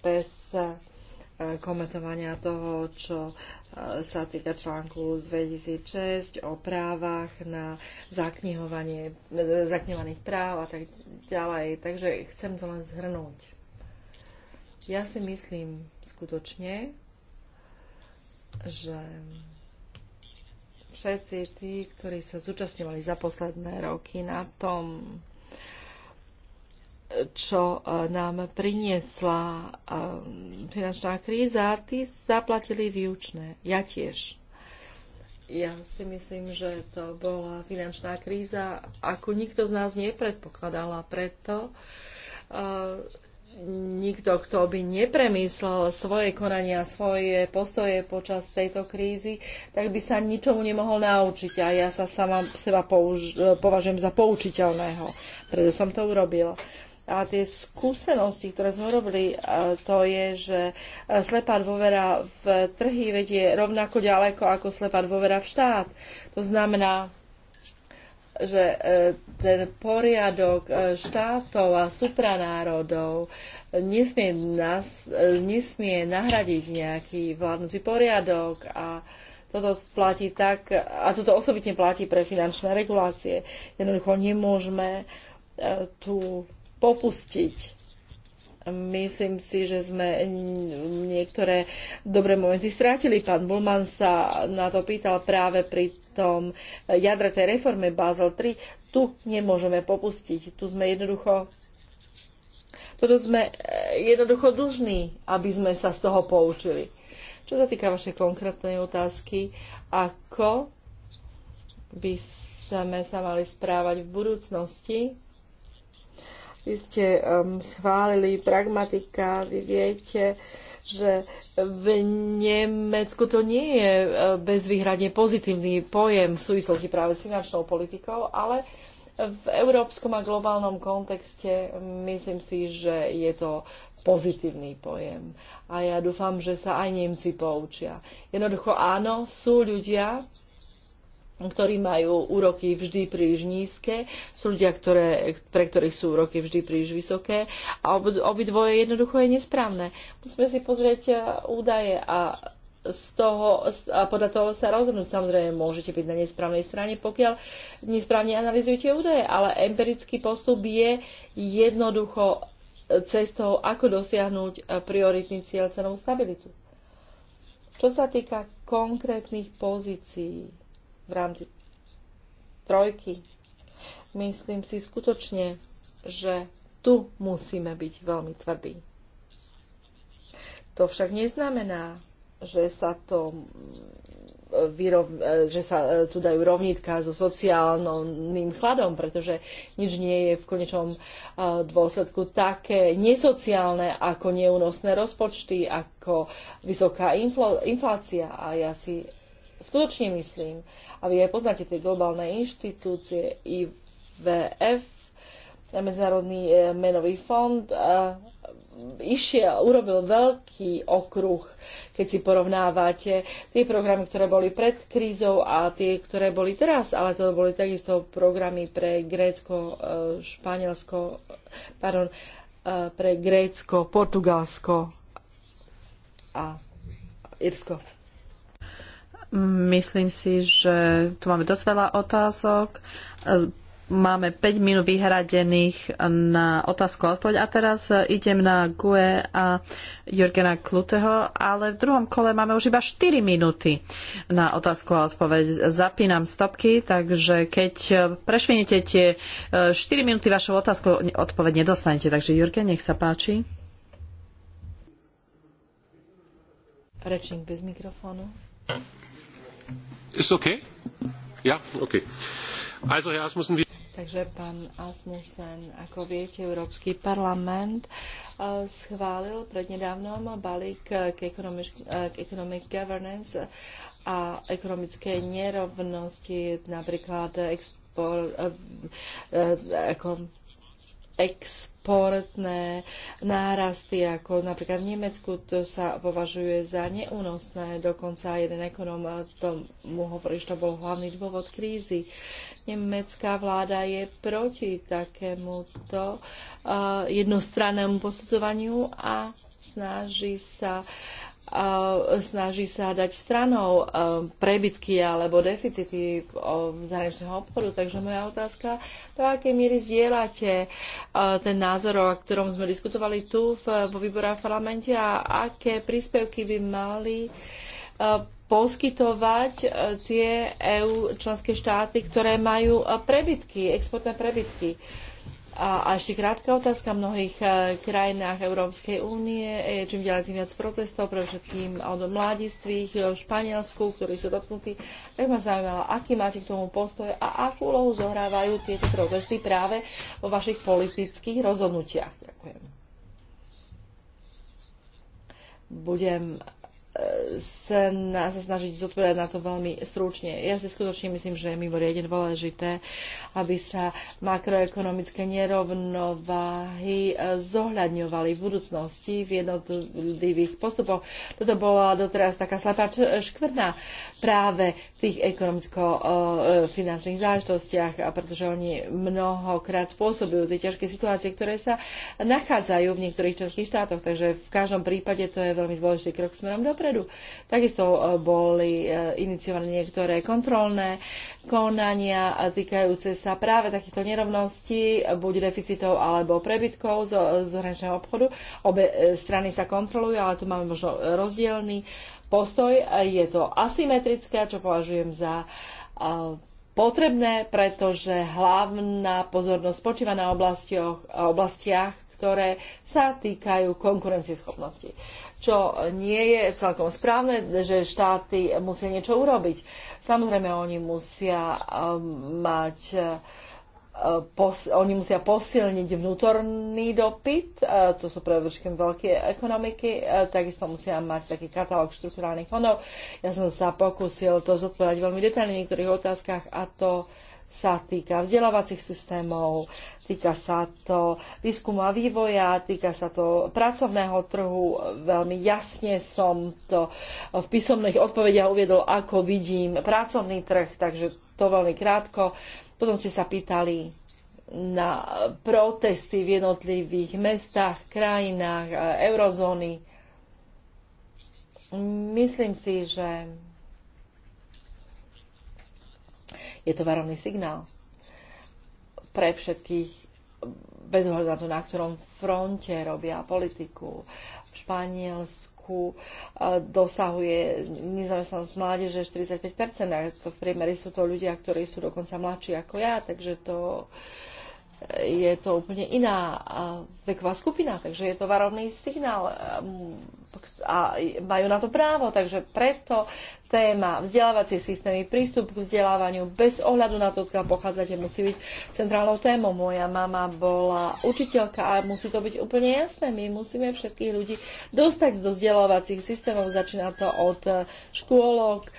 Bez e, komentovania toho, čo e, sa týka článku z 2006 o právach na zaknihovanie, e, zaknihovaných práv a tak ďalej. Takže chcem to len zhrnúť. Ja si myslím skutočne, že všetci tí, ktorí sa zúčastňovali za posledné roky na tom, čo e, nám priniesla e, finančná kríza, tí zaplatili výučné. Ja tiež. Ja si myslím, že to bola finančná kríza, ako nikto z nás nepredpokladala. Preto e, nikto, kto by nepremyslel svoje konania, svoje postoje počas tejto krízy, tak by sa ničomu nemohol naučiť. A ja sa sama seba použ- považujem za poučiteľného. Preto som to urobil. A tie skúsenosti, ktoré sme robili, to je, že e, slepá dôvera v trhy vedie rovnako ďaleko ako slepá dôvera v štát. To znamená, že e, ten poriadok e, štátov a supranárodov nesmie, nas, e, nesmie nahradiť nejaký vládnuci poriadok a toto platí tak, a toto osobitne platí pre finančné regulácie. Jednoducho nemôžeme tu popustiť Myslím si, že sme niektoré dobré momenty strátili. Pán Bulman sa na to pýtal práve pri tom e, jadre tej reforme Basel 3, tu nemôžeme popustiť. Tu sme jednoducho toto sme e, jednoducho dlžní, aby sme sa z toho poučili. Čo sa týka vašej konkrétnej otázky, ako by sme sa mali správať v budúcnosti, vy ste um, chválili pragmatika, vy viete, uh, že v Nemecku to nie je e, bezvýhradne pozitívny pojem v súvislosti práve s finančnou politikou, ale v európskom a globálnom kontexte myslím si, že je to pozitívny pojem. A ja dúfam, že sa aj Nemci poučia. Jednoducho áno, sú ľudia, ktorí majú úroky vždy príliš nízke, sú ľudia, ktoré, pre ktorých sú úroky vždy príliš vysoké a ob, obidvoje jednoducho je nesprávne. Musíme si pozrieť eh, údaje a z toho, a podľa toho sa rozhodnúť. Samozrejme, môžete byť na nesprávnej strane, pokiaľ nesprávne analizujete údaje, ale empirický postup je jednoducho eh, cestou, ako dosiahnuť eh, prioritný cieľ cenovú stabilitu. Čo sa týka konkrétnych pozícií, v rámci trojky. Myslím si skutočne, že tu musíme byť veľmi tvrdí. To však neznamená, že sa to mm, vyrov, že sa e, tu dajú rovnítka so sociálnym chladom, pretože nič nie je v konečnom e, dôsledku také nesociálne ako neúnosné rozpočty, ako vysoká inflácia. A ja si skutočne myslím, a vy aj poznáte tie globálne inštitúcie, IVF, Medzinárodný e, menový fond, išiel, urobil veľký okruh, keď si porovnávate tie programy, ktoré boli pred krízou a tie, ktoré boli teraz, ale to boli takisto programy pre Grécko, e, Španielsko, pardon, e, pre Grécko, Portugalsko a Irsko. Myslím si, že tu máme dosť veľa otázok. Máme 5 minút vyhradených na otázku a odpoveď. A teraz idem na Gue a Jurgena Kluteho, ale v druhom kole máme už iba 4 minúty na otázku a odpoveď. Zapínam stopky, takže keď prešvinete tie 4 e, minúty vašou otázkou, odpoveď nedostanete. Takže Jurgen, nech sa páči. Rečník bez mikrofónu. Takže pán Asmussen, ako viete, Európsky parlament eh, schválil prednedávnom balík eh, k economic, eh, k economic governance a ekonomické nerovnosti, napríklad export, ako exportné nárasty, ako napríklad v Nemecku, to sa považuje za neúnosné. Dokonca jeden ekonóm tomu hovorí, že to bol hlavný dôvod krízy. Nemecká vláda je proti takémuto eh, jednostrannému posudzovaniu a snaží sa uh, snaží sa dať stranou prebytky alebo deficity zahraničného obchodu. Takže moja otázka, do akej miery zdieľate ten názor, o ktorom sme diskutovali tu vo výbore v parlamente a aké príspevky by mali poskytovať tie EU členské štáty, ktoré majú prebytky, exportné prebytky. Uh, a, a ešte krátka otázka. V mnohých e, krajinách Európskej únie je čím ďalej tým viac protestov, pre všetkým od mladistvých v Španielsku, ktorí sú dotknutí. Tak ma zaujímalo, aký máte k tomu postoj a akú úlohu zohrávajú tieto protesty práve vo vašich politických rozhodnutiach. Ďakujem. Budem sa snažiť zodpovedať na to veľmi stručne. Ja si skutočne myslím, že je mimoriadne dôležité, aby sa makroekonomické nerovnováhy e, zohľadňovali v budúcnosti v jednotlivých postupoch. Toto bola doteraz taká slepá škvrna práve v tých ekonomicko-finančných e, záležitostiach, pretože oni mnohokrát spôsobujú tie ťažké situácie, ktoré sa nachádzajú v niektorých členských štátoch. Takže v každom prípade to je veľmi dôležitý krok smerom do dopredu. Takisto e, boli e, iniciované niektoré kontrolné konania týkajúce sa práve takýchto nerovností, buď deficitov alebo prebytkov z, zahraničného obchodu. Obe e, strany sa kontrolujú, ale tu máme možno rozdielný postoj. Je to asymetrické, čo považujem za potrebné, pretože hlavná pozornosť spočíva na oblastiach, oblastiach ktoré sa týkajú konkurencieschopnosti čo nie je celkom správne, že štáty musia niečo urobiť. Samozrejme, oni musia um, mať uh, Pos, oni musia posilniť vnútorný dopyt, uh, to sú pre všetkým veľké ekonomiky, uh, takisto musia mať taký katalóg štruktúrálnych fondov. Ja som sa pokúsil to zodpovedať veľmi detailne v niektorých otázkach a to uh, sa týka vzdelávacích systémov, týka sa to výskumu a vývoja, týka sa to pracovného trhu. Veľmi jasne som to v písomných odpovediach uviedol, ako vidím pracovný trh, takže to veľmi krátko. Potom ste sa pýtali na protesty v jednotlivých mestách, krajinách eurozóny. Myslím si, že Je to varovný signál pre všetkých bez ohľadu na to, na ktorom fronte robia politiku. V Španielsku e, dosahuje nezamestnanosť mládeže 45%, a to v priemere sú to ľudia, ktorí sú dokonca mladší ako ja, takže to uh, je to úplne iná veková skupina, takže je to varovný signál a majú na to právo, takže preto téma vzdelávacie systémy, prístup k vzdelávaniu bez ohľadu na to, odkiaľ pochádzate, musí byť centrálnou témou. Moja mama bola učiteľka a musí to byť úplne jasné. My musíme všetkých ľudí dostať do vzdelávacích systémov. Začína to od e, škôlok,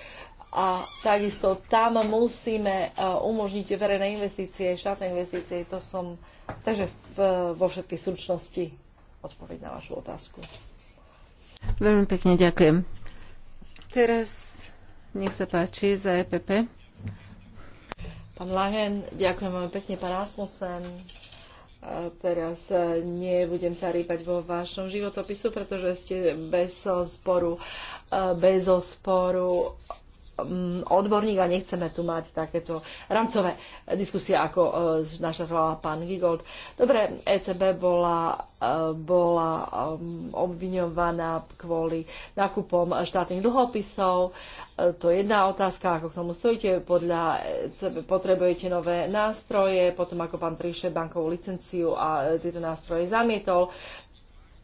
a takisto tam musíme e, umožniť verejné investície, štátne investície. To som, takže v, vo všetkej stručnosti odpoveď na vašu otázku. Veľmi pekne ďakujem. Teraz nech sa páči za EPP. Pán Lahen, ďakujem veľmi pekne, pán Asmussen. E, teraz e, nebudem sa rýpať vo vašom životopisu, pretože ste bez sporu, bez sporu Mm, odborník a nechceme tu mať takéto rámcové diskusie, ako e, naštartovala pán Gigold. Dobre, ECB bola, e, bola mm, obviňovaná kvôli nákupom štátnych dlhopisov. E, to je jedna otázka, ako k tomu stojíte. Podľa ECB potrebujete nové nástroje, potom ako pán Triše bankovú licenciu a tieto nástroje zamietol.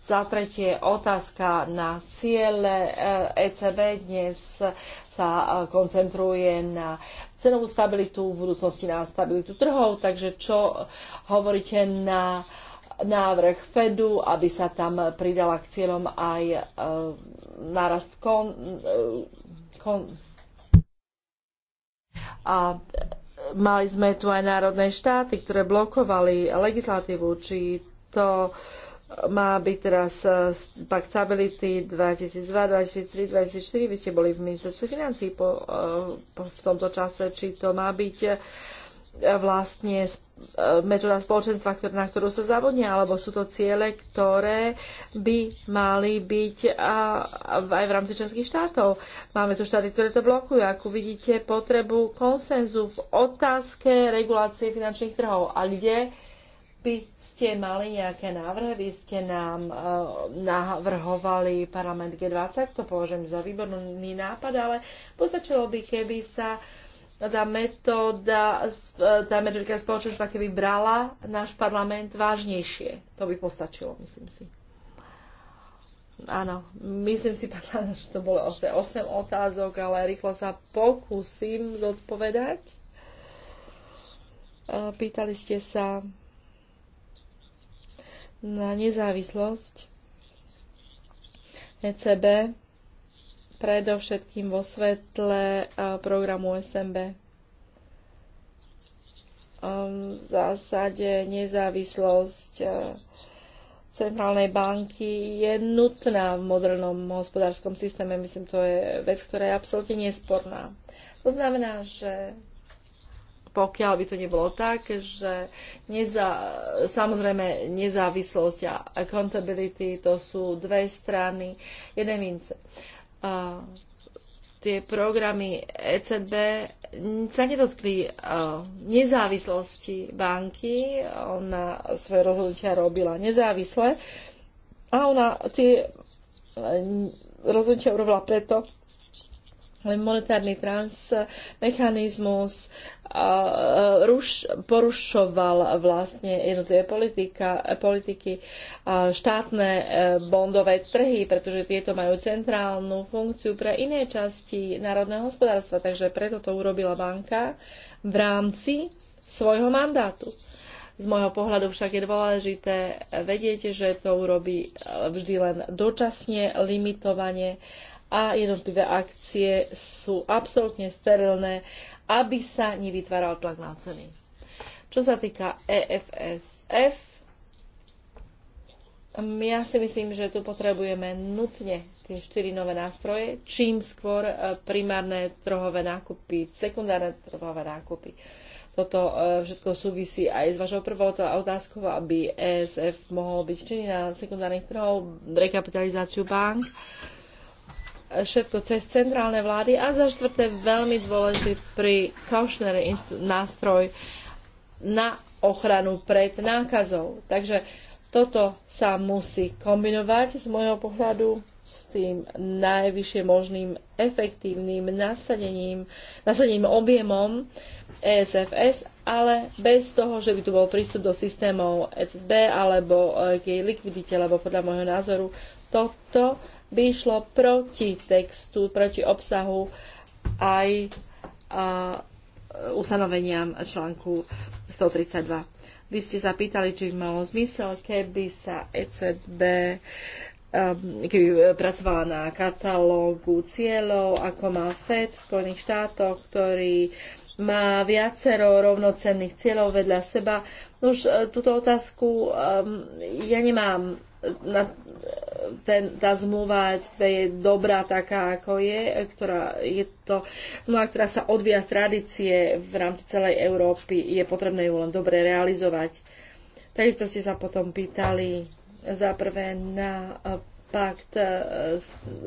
Za tretie otázka na ciele ECB. Eh, e Dnes sa eh, koncentruje na cenovú stabilitu, v budúcnosti na stabilitu trhov, takže čo hovoríte na návrh Fedu, aby sa tam pridala k cieľom aj e, nárast kon, e, kon. A mali sme tu aj národné štáty, ktoré blokovali legislatívu, či to e, má byť teraz e, pak Stability 2002, 2003, 2004. Vy ste boli v ministerstve financí po, po, e, v tomto čase. Či to má byť e, vlastne metóda spoločenstva, na ktorú sa zavodne, alebo sú to ciele, ktoré by mali byť aj v rámci členských štátov. Máme tu štáty, ktoré to blokujú. Ako vidíte, potrebu konsenzu v otázke regulácie finančných trhov. A kde by ste mali nejaké návrhy, vy ste nám uh, navrhovali parlament G20, to považujem za výborný nápad, ale postačilo by, keby sa tá metóda, e, tá metodika spoločenstva, keby brala náš parlament vážnejšie. To by postačilo, myslím si. Áno, myslím si, že to bolo 8 otázok, ale rýchlo sa pokúsim zodpovedať. E, pýtali ste sa, na nezávislosť ECB, predovšetkým vo svetle programu SMB. V zásade nezávislosť centrálnej banky je nutná v modernom hospodárskom systéme. Myslím, to je vec, ktorá je absolútne nesporná. To znamená, že pokiaľ by to nebolo tak, že neza, samozrejme nezávislosť a accountability to sú dve strany Jeden vince. A tie programy ECB sa nedotkli nezávislosti banky. Ona svoje rozhodnutia robila nezávisle a ona tie e, rozhodnutia urobila preto, len monetárny transmechanizmus E, ruš, porušoval vlastne jednotlivé politika, politiky štátne e, bondové trhy, pretože tieto majú centrálnu funkciu pre iné časti národného hospodárstva, takže preto to urobila banka v rámci svojho mandátu. Z môjho pohľadu však je dôležité vedieť, že to urobí e, vždy len dočasne, limitovane a jednotlivé akcie sú absolútne sterilné aby sa nevytváral tlak na ceny. Čo sa týka EFSF, mm, ja si myslím, že tu potrebujeme nutne tie štyri nové nástroje, čím skôr e, primárne trhové nákupy, sekundárne trhové nákupy. Toto e, všetko súvisí aj s vašou prvou otázkou, aby ESF mohol byť činný na sekundárnych trhov, rekapitalizáciu bank. Uh, všetko cez centrálne vlády a za štvrté veľmi dôležitý pri Kaušnery nástroj na ochranu pred nákazou. Takže toto sa musí kombinovať z môjho pohľadu s tým najvyššie možným efektívnym nasadením, nasadením objemom ESFS, ale bez toho, že by tu bol prístup do systémov ECB alebo k jej likvidite, lebo podľa môjho názoru toto by išlo proti textu, proti obsahu aj a, ustanoveniam článku 132. Vy ste sa pýtali, či by malo zmysel, keby sa ECB um, keby e, pracovala na katalógu cieľov, ako má FED v Spojených štátoch, ktorý má viacero rovnocenných cieľov vedľa seba. No už e, túto otázku um, ja nemám na, ten, tá zmluva je dobrá taká, ako je, ktorá je to zmluva, ktorá sa odvíja z tradície v rámci celej Európy. Je potrebné ju len dobre realizovať. Takisto ste sa potom pýtali za prvé na pakt e,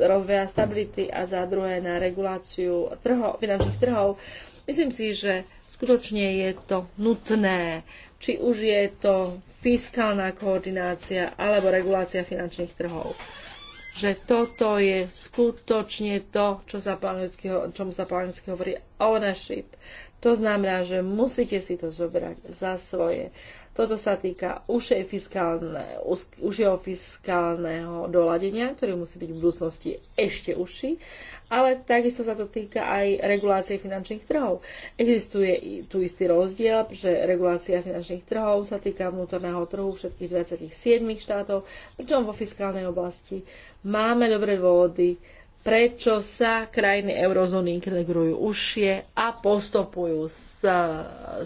rozvoja stability a za druhé na reguláciu trho, finančných trhov. Myslím si, že skutočne je to nutné či už je to fiskálna koordinácia alebo regulácia finančných trhov. Že toto je skutočne to, čo sa čomu sa po anglicky hovorí ownership. To znamená, že musíte si to zobrať za svoje. Toto sa týka užšej fiskálne, fiskálneho doladenia, ktorý musí byť v budúcnosti ešte užší, ale takisto sa to týka aj regulácie finančných trhov. Existuje tu istý rozdiel, že regulácia finančných trhov sa týka vnútorného trhu všetkých 27 štátov, pričom vo fiskálnej oblasti máme dobré dôvody prečo sa krajiny eurozóny integrujú užšie a postupujú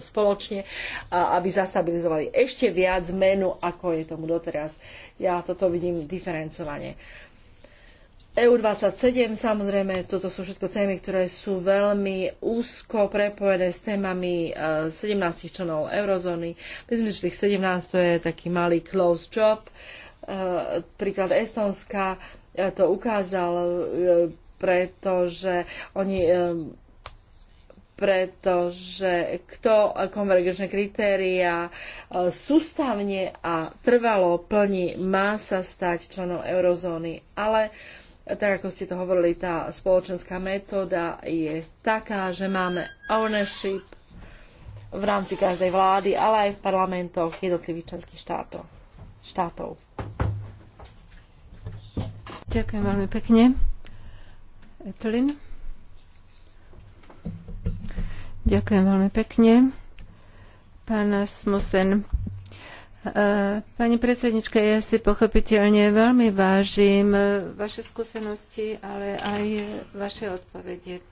spoločne, aby zastabilizovali ešte viac menu, ako je tomu doteraz. Ja toto vidím diferencovanie. EU27, samozrejme, toto sú všetko témy, ktoré sú veľmi úzko prepojené s témami 17 e, členov eurozóny. Myslím, že tých 17 to je taký malý close job. E, príklad Estonska, E, to ukázal, e, pretože oni e, pretože kto konvergenčné kritéria sústavne a trvalo plní, má sa stať členom eurozóny. Ale tak ako ste to hovorili, tá spoločenská metóda je taká, že máme ownership v rámci každej vlády, ale aj v parlamentoch jednotlivých členských štátov. štátov. Ďakujem veľmi pekne. Etlin. Ďakujem veľmi pekne. Pán Smusen, e, Pani predsednička, ja si pochopiteľne veľmi vážim e, vaše skúsenosti, ale aj vaše odpovede.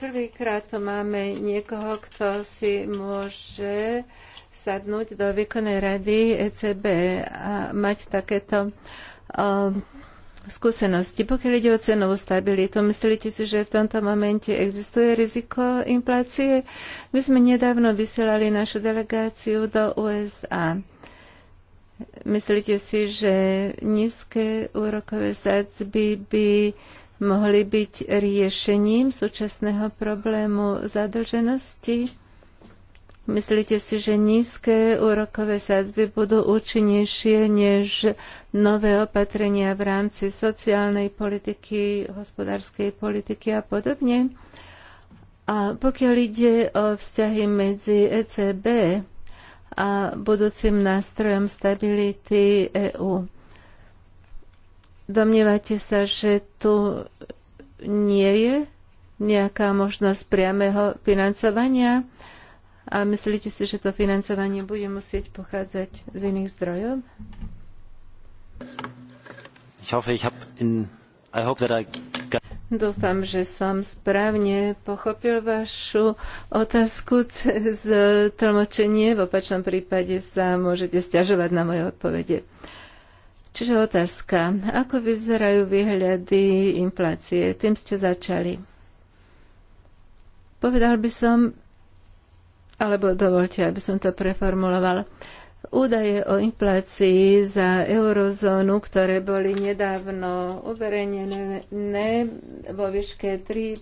Prvýkrát to máme niekoho, kto si môže uh, sadnúť do výkonnej rady ECB a mať takéto um, skúsenosti. Pokiaľ ide o cenovú stabilitu, myslíte si, že v tomto momente existuje riziko inflácie? My sme nedávno vysielali našu delegáciu do USA. Myslíte si, že nízke úrokové sadzby by mohli byť riešením súčasného problému zadlženosti? Myslíte si, že nízke úrokové sadzby budú účinnejšie než nové opatrenia v rámci sociálnej politiky, hospodárskej politiky a podobne? A pokiaľ ide o vzťahy medzi ECB a budúcim nástrojom stability EÚ, domnievate sa, že tu nie je nejaká možnosť priamého financovania? A myslíte si, že to financovanie bude musieť pochádzať z iných zdrojov? Ich hoffe, ich in, I hope that I got... Dúfam, že som správne pochopil vašu otázku cez tlmočenie. V opačnom prípade sa môžete stiažovať na moje odpovede. Čiže otázka, ako vyzerajú výhľady inflácie? Tým ste začali. Povedal by som, alebo dovolte, aby som to preformulovala. Údaje o inflácii za eurozónu, ktoré boli nedávno uverejnené vo výške 3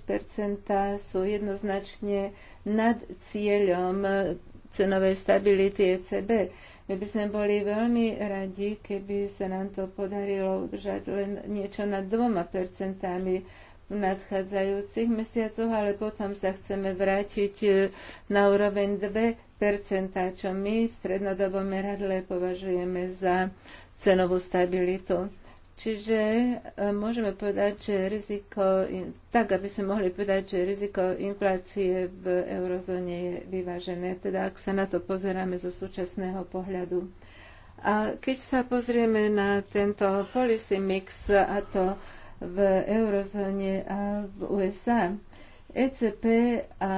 sú jednoznačne nad cieľom cenovej stability ECB. My by sme boli veľmi radi, keby sa nám to podarilo udržať len niečo nad dvoma percentami v nadchádzajúcich mesiacoch, ale potom sa chceme vrátiť e, na úroveň 2%, čo my v strednodobom meradle považujeme za cenovú stabilitu. Čiže e, môžeme povedať, že riziko, tak aby sme mohli povedať, že riziko inflácie v eurozóne je vyvážené, teda ak sa na to pozeráme zo súčasného pohľadu. A keď sa pozrieme na tento policy mix a to, v eurozóne a v USA. ECP a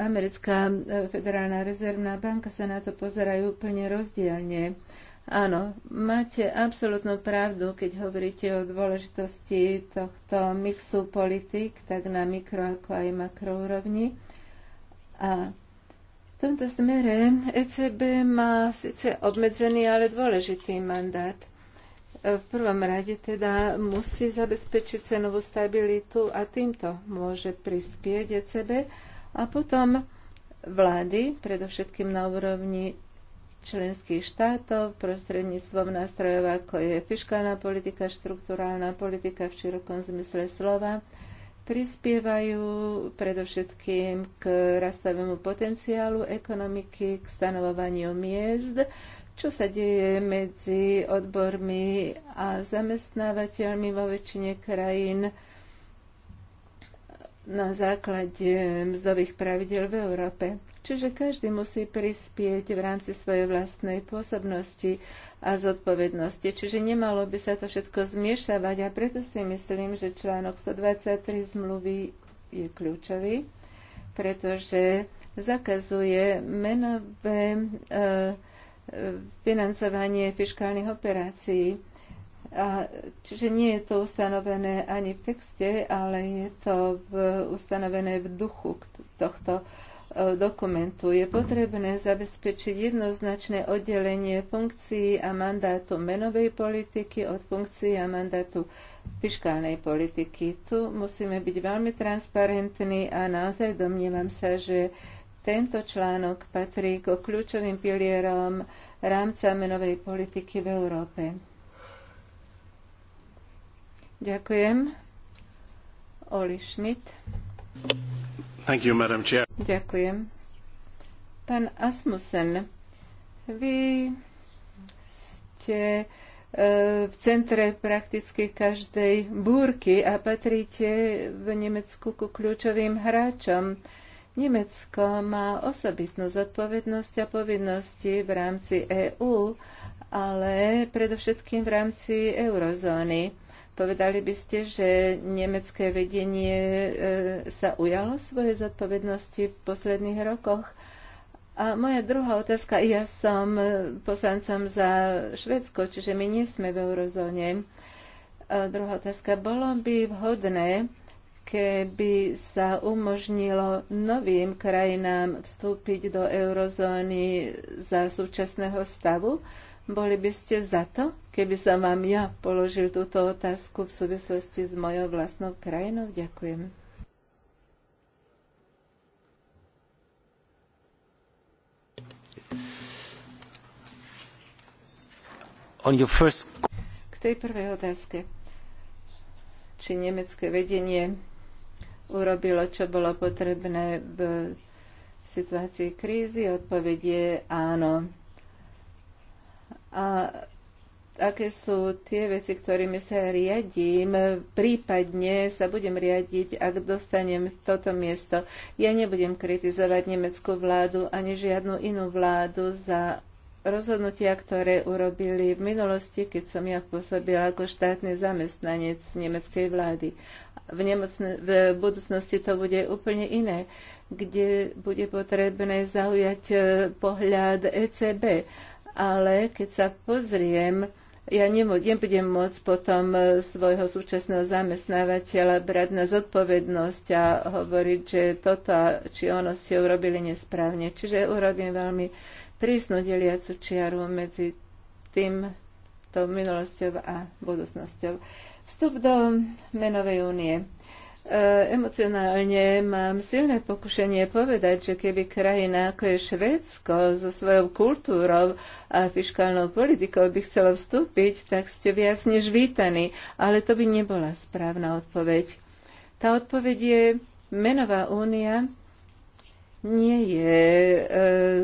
Americká e, federálna rezervná banka sa na to pozerajú úplne rozdielne. Áno, máte absolútnu pravdu, keď hovoríte o dôležitosti tohto mixu politik, tak na mikro ako aj makroúrovni. A v tomto smere ECB má síce obmedzený, ale dôležitý mandát. V prvom rade teda musí zabezpečiť cenovú stabilitu a týmto môže prispieť ECB a potom vlády, predovšetkým na úrovni členských štátov prostredníctvom nástrojov ako je fiskálna politika, štruktúrálna politika v širokom zmysle slova, prispievajú predovšetkým k rastovému potenciálu ekonomiky, k stanovovaniu miest, čo sa deje medzi odbormi a zamestnávateľmi vo väčšine krajín na základe mzdových pravidel v Európe. Čiže každý musí prispieť v rámci svojej vlastnej pôsobnosti a zodpovednosti. Čiže nemalo by sa to všetko zmiešavať a preto si myslím, že článok 123 zmluvy je kľúčový, pretože zakazuje menové e, financovanie fiskálnych operácií. A, čiže nie je to ustanovené ani v texte, ale je to v, ustanovené v duchu tohto e, dokumentu. Je potrebné zabezpečiť jednoznačné oddelenie funkcií a mandátu menovej politiky od funkcií a mandátu fiskálnej politiky. Tu musíme byť veľmi transparentní a naozaj domnívam sa, že tento článok patrí k kľúčovým pilierom rámca menovej politiky v Európe. Ďakujem. Oli Schmidt. Thank you, Madam Chair. Ďakujem. Pán Asmussen, vy ste e, v centre prakticky každej búrky a patríte v Nemecku ku kľúčovým hráčom. Nemecko má osobitnú zodpovednosť a povinnosti v rámci EÚ, ale predovšetkým v rámci eurozóny. Povedali by ste, že nemecké vedenie e, sa ujalo svoje zodpovednosti v posledných rokoch. A moja druhá otázka, ja som poslancom za Švedsko, čiže my nie sme v eurozóne. A druhá otázka, bolo by vhodné, keby sa umožnilo novým krajinám vstúpiť do eurozóny za súčasného stavu? Boli by ste za to, keby sa vám ja položil túto otázku v súvislosti s mojou vlastnou krajinou? Ďakujem. On your first... K tej prvej otázke. Či nemecké vedenie urobilo, čo bolo potrebné v situácii krízy? Odpoveď je áno. A aké sú tie veci, ktorými sa riadím, prípadne sa budem riadiť, ak dostanem toto miesto. Ja nebudem kritizovať nemeckú vládu ani žiadnu inú vládu za rozhodnutia, ktoré urobili v minulosti, keď som ja pôsobila ako štátny zamestnanec nemeckej vlády. V, nemocne, v budúcnosti to bude úplne iné, kde bude potrebné zaujať e, pohľad ECB. Ale keď sa pozriem, ja nebudem môcť potom e, svojho súčasného zamestnávateľa brať na zodpovednosť a hovoriť, že toto či ono ste urobili nesprávne. Čiže urobím veľmi prísnu deliacu čiaru medzi týmto minulosťou a budúcnosťou. Vstup do menovej únie. E, emocionálne mám silné pokušenie povedať, že keby krajina ako je Švédsko so svojou kultúrou a fiskálnou politikou by chcela vstúpiť, tak ste viac než vítaní, ale to by nebola správna odpoveď. Tá odpoveď je menová únia nie je e,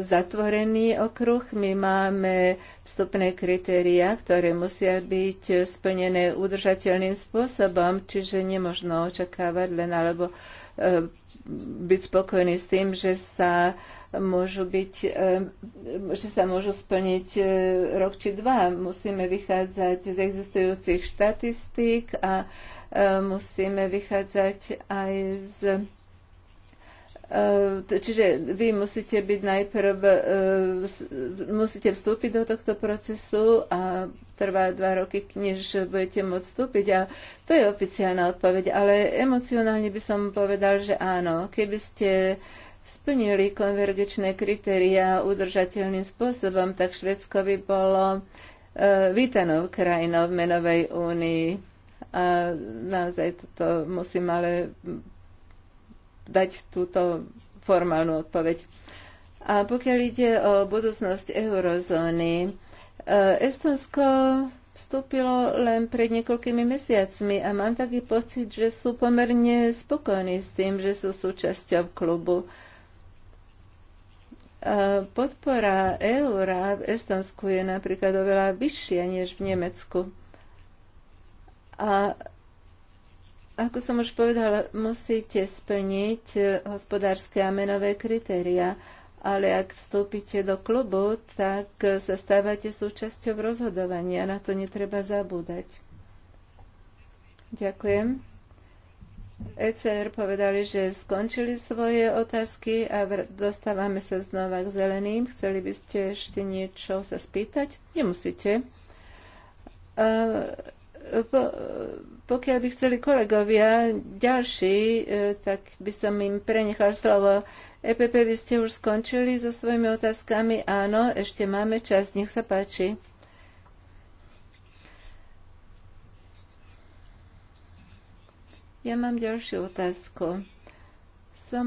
zatvorený okruh. My máme vstupné kritéria, ktoré musia byť splnené udržateľným spôsobom, čiže nemožno očakávať len alebo e, byť spokojný s tým, že sa môžu byť, e, že sa môžu splniť rok či dva. Musíme vychádzať z existujúcich štatistík a musíme vychádzať aj z E, čiže vy musíte byť najprv, e, musíte vstúpiť do tohto procesu a trvá dva roky, než budete môcť vstúpiť. A to je oficiálna odpoveď, ale emocionálne by som povedal, že áno. Keby ste splnili konvergečné kritéria udržateľným spôsobom, tak Švedsko by bolo e, vítanou krajinou v menovej únii. A naozaj toto musím ale dať túto formálnu odpoveď. A pokiaľ ide o budúcnosť eurozóny, e, Estonsko vstúpilo len pred niekoľkými mesiacmi a mám taký pocit, že sú pomerne spokojní s tým, že sú súčasťou klubu. E, podpora eura v Estonsku je napríklad oveľa vyššia než v Nemecku. A ako som už povedala, musíte splniť eh, hospodárske a menové kritéria, ale ak vstúpite do klubu, tak eh, sa stávate súčasťou rozhodovania. Na to netreba zabúdať. Ďakujem. ECR povedali, že skončili svoje otázky a dostávame sa znova k zeleným. Chceli by ste ešte niečo sa spýtať? Nemusíte. Uh, po, pokiaľ by chceli kolegovia ďalší, e, tak by som im prenechal slovo. EPP, vy ste už skončili so svojimi otázkami? Áno, ešte máme čas, nech sa páči. Ja mám ďalšiu otázku. Som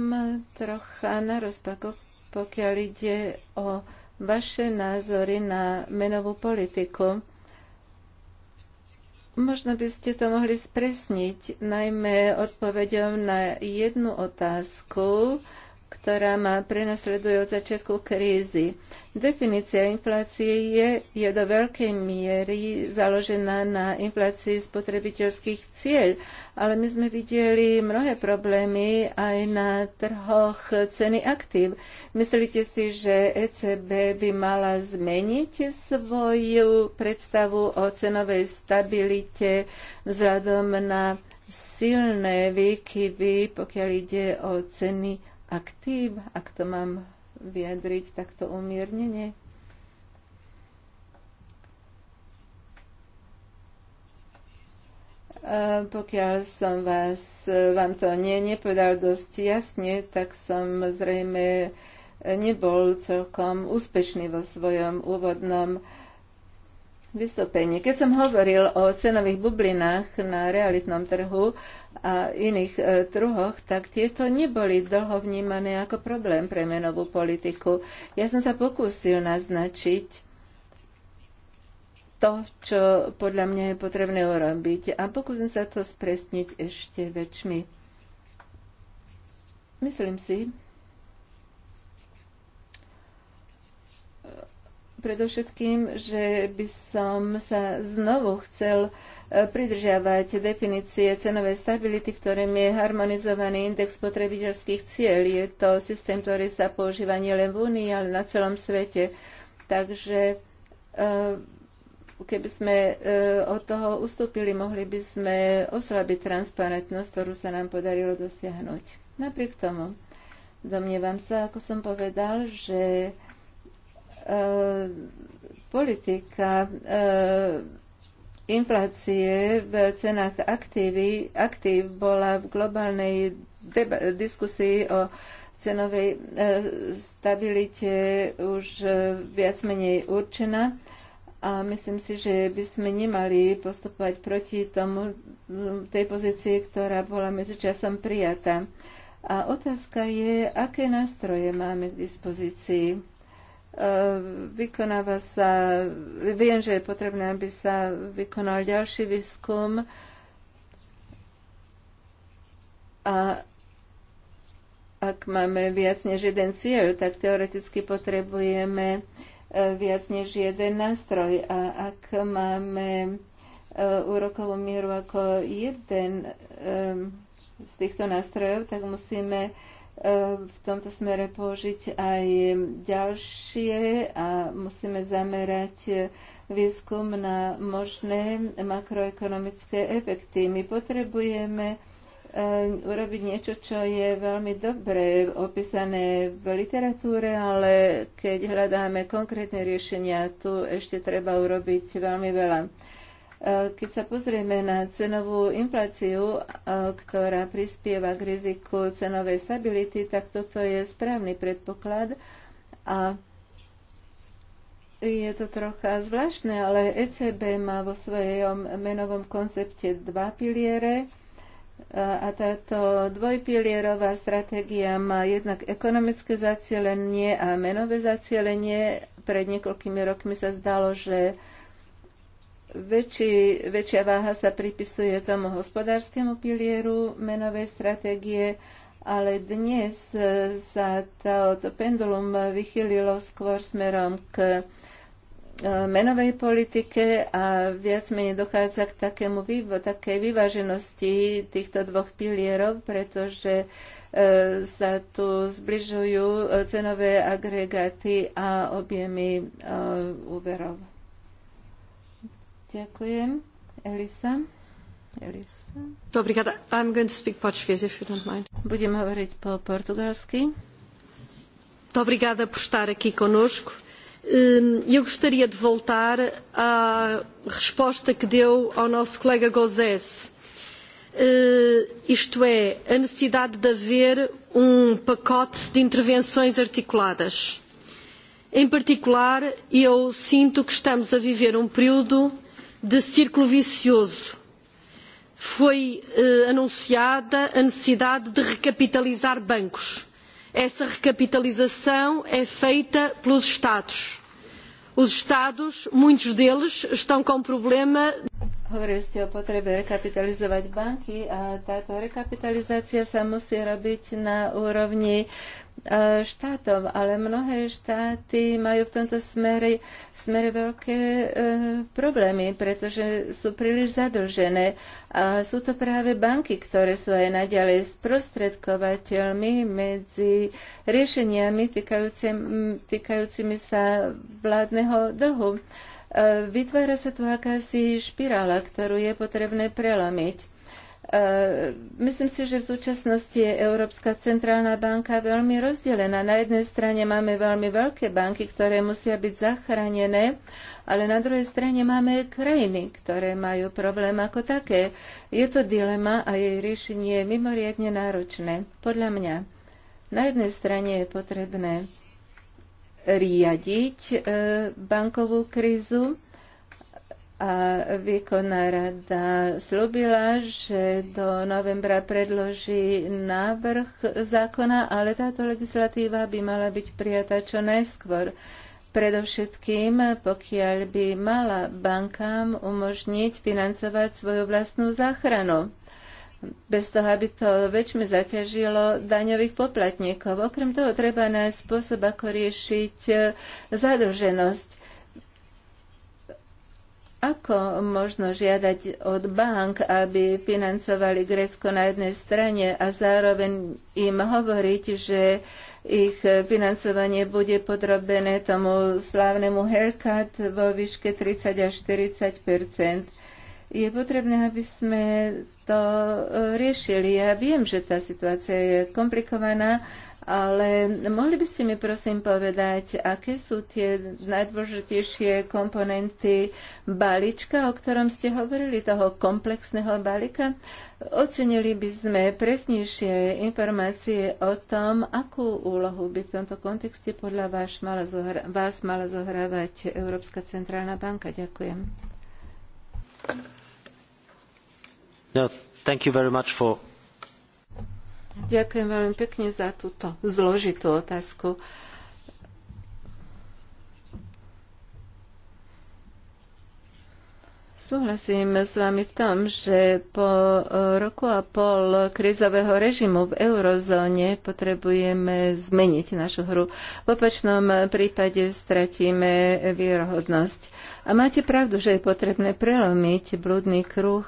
trocha na rozpakoch, pokiaľ ide o vaše názory na menovú politiku. Možno by ste to mohli spresniť, najmä odpovedom na jednu otázku, ktorá ma prenasleduje od začiatku krízy. Definícia inflácie je, je do veľkej miery založená na inflácii spotrebiteľských cieľ, ale my sme videli mnohé problémy aj na trhoch ceny aktív. Myslíte si, že ECB by mala zmeniť svoju predstavu o cenovej stabilite vzhľadom na silné výkyvy, pokiaľ ide o ceny aktív, ak to mám vyjadriť takto umiernenie. Pokiaľ som vás, vám to nie, nepovedal dosť jasne, tak som zrejme nebol celkom úspešný vo svojom úvodnom vystúpení. Keď som hovoril o cenových bublinách na realitnom trhu a iných e, trhoch, tak tieto neboli dlho vnímané ako problém pre menovú politiku. Ja som sa pokúsil naznačiť to, čo podľa mňa je potrebné urobiť a pokúsim sa to spresniť ešte väčšmi. Myslím si, Predovšetkým, že by som sa znovu chcel e, pridržiavať definície cenovej stability, ktorým je harmonizovaný index potrebiteľských cieľ. Je to systém, ktorý sa používa nielen v Únii, ale na celom svete. Takže e, keby sme e, od toho ustúpili, mohli by sme oslabiť transparentnosť, ktorú sa nám podarilo dosiahnuť. Napriek tomu, domnievam sa, ako som povedal, že E, politika e, inflácie v cenách aktívy, aktív bola v globálnej deba- diskusii o cenovej e, stabilite už viac menej určená a myslím si, že by sme nemali postupovať proti tomu, tej pozícii, ktorá bola medzičasom prijatá. A otázka je, aké nástroje máme k dispozícii Ehm, vykonáva sa, viem, že je potrebné, aby sa vykonal ďalší výskum a ak máme viac než jeden cieľ, tak teoreticky potrebujeme e, viac než jeden nástroj. A ak máme e, úrokovú mieru ako jeden ehm, z týchto nástrojov, tak musíme Ehm, v tomto smere použiť aj ďalšie a musíme zamerať výskum na možné makroekonomické efekty. My potrebujeme ehm, urobiť niečo, čo je veľmi dobre opísané v literatúre, ale keď hľadáme konkrétne riešenia, tu ešte treba urobiť veľmi veľa. Keď sa pozrieme na cenovú infláciu, ktorá prispieva k riziku cenovej stability, tak toto je správny predpoklad a je to trocha zvláštne, ale ECB má vo svojom menovom koncepte dva piliere a táto dvojpilierová stratégia má jednak ekonomické zacielenie a menové zacielenie. Pred niekoľkými rokmi sa zdalo, že Väčší, väčšia váha sa pripisuje tomu hospodárskému pilieru menovej stratégie, ale dnes e, sa to, pendulum vychylilo skôr smerom k e, menovej politike a viac menej dochádza k takému takej vyváženosti týchto dvoch pilierov, pretože e, sa tu zbližujú cenové agregáty a objemy úverov. Ďakujem. Elisa. Elisa. Obrigada. I'm going to speak Portuguese if you don't mind. Budem hovoriť po portugalsky. Obrigada por estar aqui conosco. Eu gostaria de voltar à resposta que deu ao nosso colega Gozés, isto é, a necessidade de haver um pacote de intervenções articuladas. Em particular, eu sinto que estamos a viver um período de círculo vicioso. Foi eh, anunciada a necessidade de recapitalizar bancos. Essa recapitalização é feita pelos Estados. Os Estados, muitos deles, estão com problema. Hovorili ste o potrebe rekapitalizovať banky a táto rekapitalizácia sa musí robiť na úrovni E, štátom, ale mnohé štáty majú v tomto smere, smere veľké e, problémy, pretože sú príliš zadlžené. A sú to práve banky, ktoré sú aj naďalej sprostredkovateľmi medzi riešeniami týkajúci, týkajúcimi sa vládneho dlhu. E, vytvára sa tu akási špirála, ktorú je potrebné prelomiť E, myslím si, že v súčasnosti je Európska centrálna banka veľmi rozdelená. Na jednej strane máme veľmi veľké banky, ktoré musia byť zachránené, ale na druhej strane máme krajiny, ktoré majú problém ako také. Je to dilema a jej riešenie je mimoriadne náročné. Podľa mňa na jednej strane je potrebné riadiť e, bankovú krízu, a výkonná rada slúbila, že do novembra predloží návrh zákona, ale táto legislatíva by mala byť prijatá čo najskôr. Predovšetkým, pokiaľ by mala bankám umožniť financovať svoju vlastnú záchranu bez toho, aby to väčšie zaťažilo daňových poplatníkov. Okrem toho treba nájsť spôsob, ako riešiť zadlženosť ako možno žiadať od bank, aby financovali Grécko na jednej strane a zároveň im hovoriť, že ich financovanie bude podrobené tomu slávnemu haircut vo výške 30 až 40 je potrebné, aby sme to e, riešili. Ja viem, že tá situácia je komplikovaná ale mohli by ste mi prosím povedať, aké sú tie najdôležitejšie komponenty balíčka, o ktorom ste hovorili, toho komplexného balíka? Ocenili by sme presnejšie informácie o tom, akú úlohu by v tomto kontexte podľa vás mala, zohra- vás mala zohrávať Európska centrálna banka. Ďakujem. No, thank you very much for Ďakujem veľmi pekne za túto zložitú otázku. Súhlasím s vami v tom, že po roku a pol krizového režimu v eurozóne potrebujeme zmeniť našu hru. V opačnom prípade stratíme vierohodnosť. A máte pravdu, že je potrebné prelomiť blúdny kruh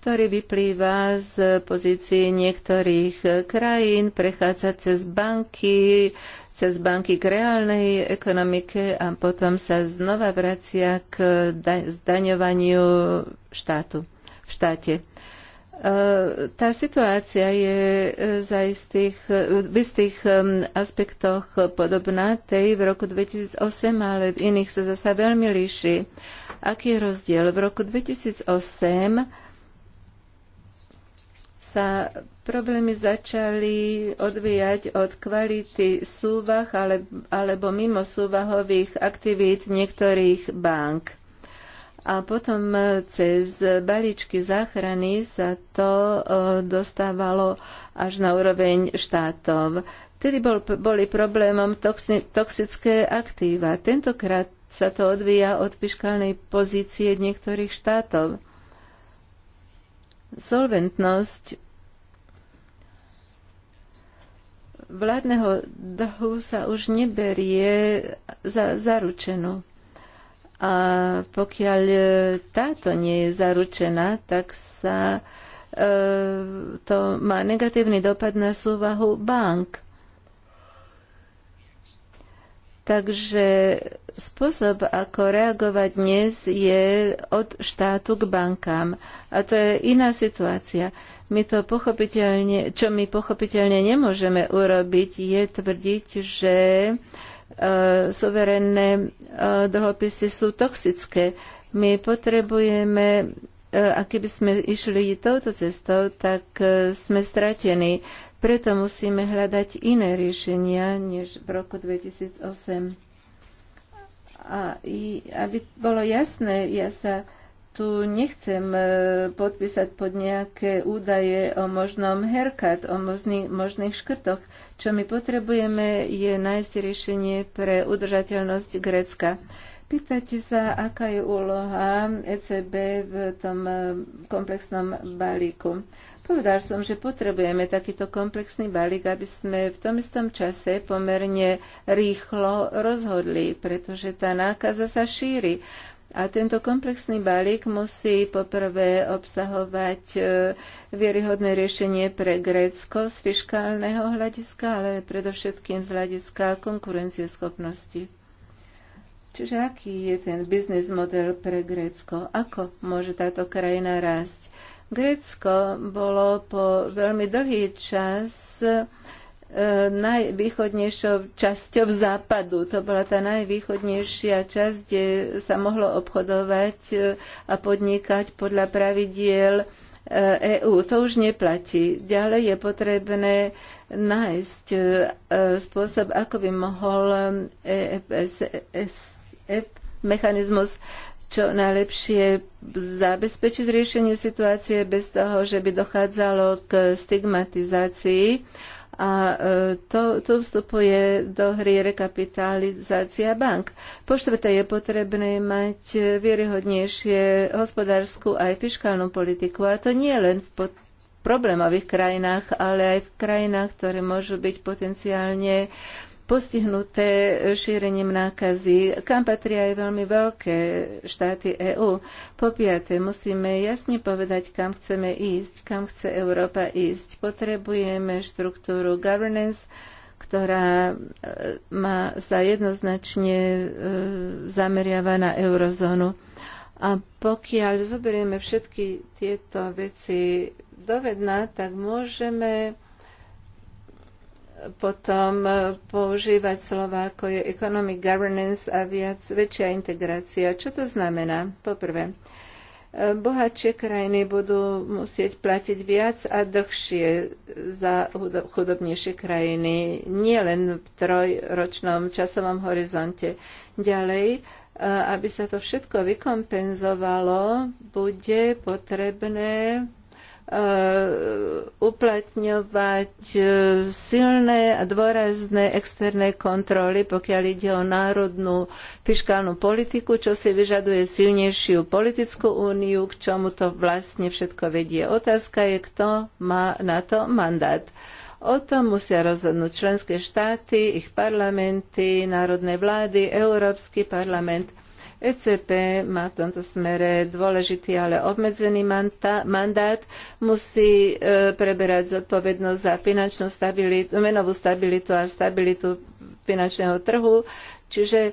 ktorý vyplýva z pozícií niektorých krajín, prechádza cez banky, cez banky k reálnej ekonomike a potom sa znova vracia k zdaňovaniu štátu, v štáte. E, tá situácia je e, za istých, v istých aspektoch podobná tej v roku 2008, ale v iných sa zasa veľmi líši. Aký je rozdiel? V roku 2008 sa problémy začali odvíjať od kvality súvah ale, alebo mimo súvahových aktivít niektorých bank. A potom cez balíčky záchrany sa to e, dostávalo až na úroveň štátov. Tedy bol, boli problémom toxické aktíva. Tentokrát sa to odvíja od fiskálnej pozície niektorých štátov. Solventnosť vládneho dlhu sa už neberie za zaručenú. A pokiaľ táto nie je zaručená, tak sa e, to má negatívny dopad na súvahu bank. Takže spôsob, ako reagovať dnes, je od štátu k bankám. A to je iná situácia. My to pochopiteľne, čo my pochopiteľne nemôžeme urobiť, je tvrdiť, že e, suverénne e, dlhopisy sú toxické. My potrebujeme, e, a keby sme išli touto cestou, tak e, sme stratení. Preto musíme hľadať iné riešenia než v roku 2008. A i, aby bolo jasné, ja sa tu nechcem e, podpísať pod nejaké údaje o možnom herkat, o možných, možných škrtoch. Čo my potrebujeme, je nájsť riešenie pre udržateľnosť Grécka. Pýtate sa, aká je úloha ECB v tom e, komplexnom balíku. Povedal som, že potrebujeme takýto komplexný balík, aby sme v tom istom čase pomerne rýchlo rozhodli, pretože tá nákaza sa šíri. A tento komplexný balík musí poprvé obsahovať e, vieryhodné riešenie pre Grécko z fiskálneho hľadiska, ale predovšetkým z hľadiska konkurencieschopnosti. Čiže aký je ten biznis model pre Grécko? Ako môže táto krajina rásť? Grécko bolo po veľmi dlhý čas e, najvýchodnejšou časťou západu. To bola tá najvýchodnejšia časť, kde sa mohlo obchodovať e, a podnikať podľa pravidiel EÚ. E to už neplatí. Ďalej je potrebné nájsť spôsob, ako by mohol EFSS mechanizmus čo najlepšie zabezpečiť riešenie situácie bez toho, že by dochádzalo k stigmatizácii. A e, to, tu vstupuje do hry rekapitalizácia bank. Po štvrté je potrebné mať vieryhodnejšie hospodárskú aj fiskálnu politiku. A to nie len v problémových krajinách, ale aj v krajinách, ktoré môžu byť potenciálne uh, postihnuté šírením nákazy, kam patria aj veľmi veľké štáty EÚ. Po piaté, musíme jasne povedať, kam chceme ísť, kam chce Európa ísť. Potrebujeme štruktúru governance, ktorá e, má sa jednoznačne e, zameriava na eurozónu. A pokiaľ zoberieme všetky tieto veci dovedná, tak môžeme potom e, používať slova ako je economic governance a viac väčšia integrácia. Čo to znamená? Poprvé, e, bohatšie krajiny budú musieť platiť viac a dlhšie za chudobnejšie krajiny, nielen v trojročnom časovom horizonte. Ďalej, e, aby sa to všetko vykompenzovalo, bude potrebné E, uplatňovať e, silné a dôrazné externé kontroly, pokiaľ ide o národnú fiškálnu politiku, čo si vyžaduje silnejšiu politickú úniu, k čomu to vlastne všetko vedie. Otázka je, kto má na to mandát. O tom musia rozhodnúť členské štáty, ich parlamenty, národné vlády, Európsky parlament. ECP má v tomto smere dôležitý, ale obmedzený mandát. Musí e, preberať zodpovednosť za finančnú stabilitu, menovú stabilitu a stabilitu finančného trhu. Čiže e,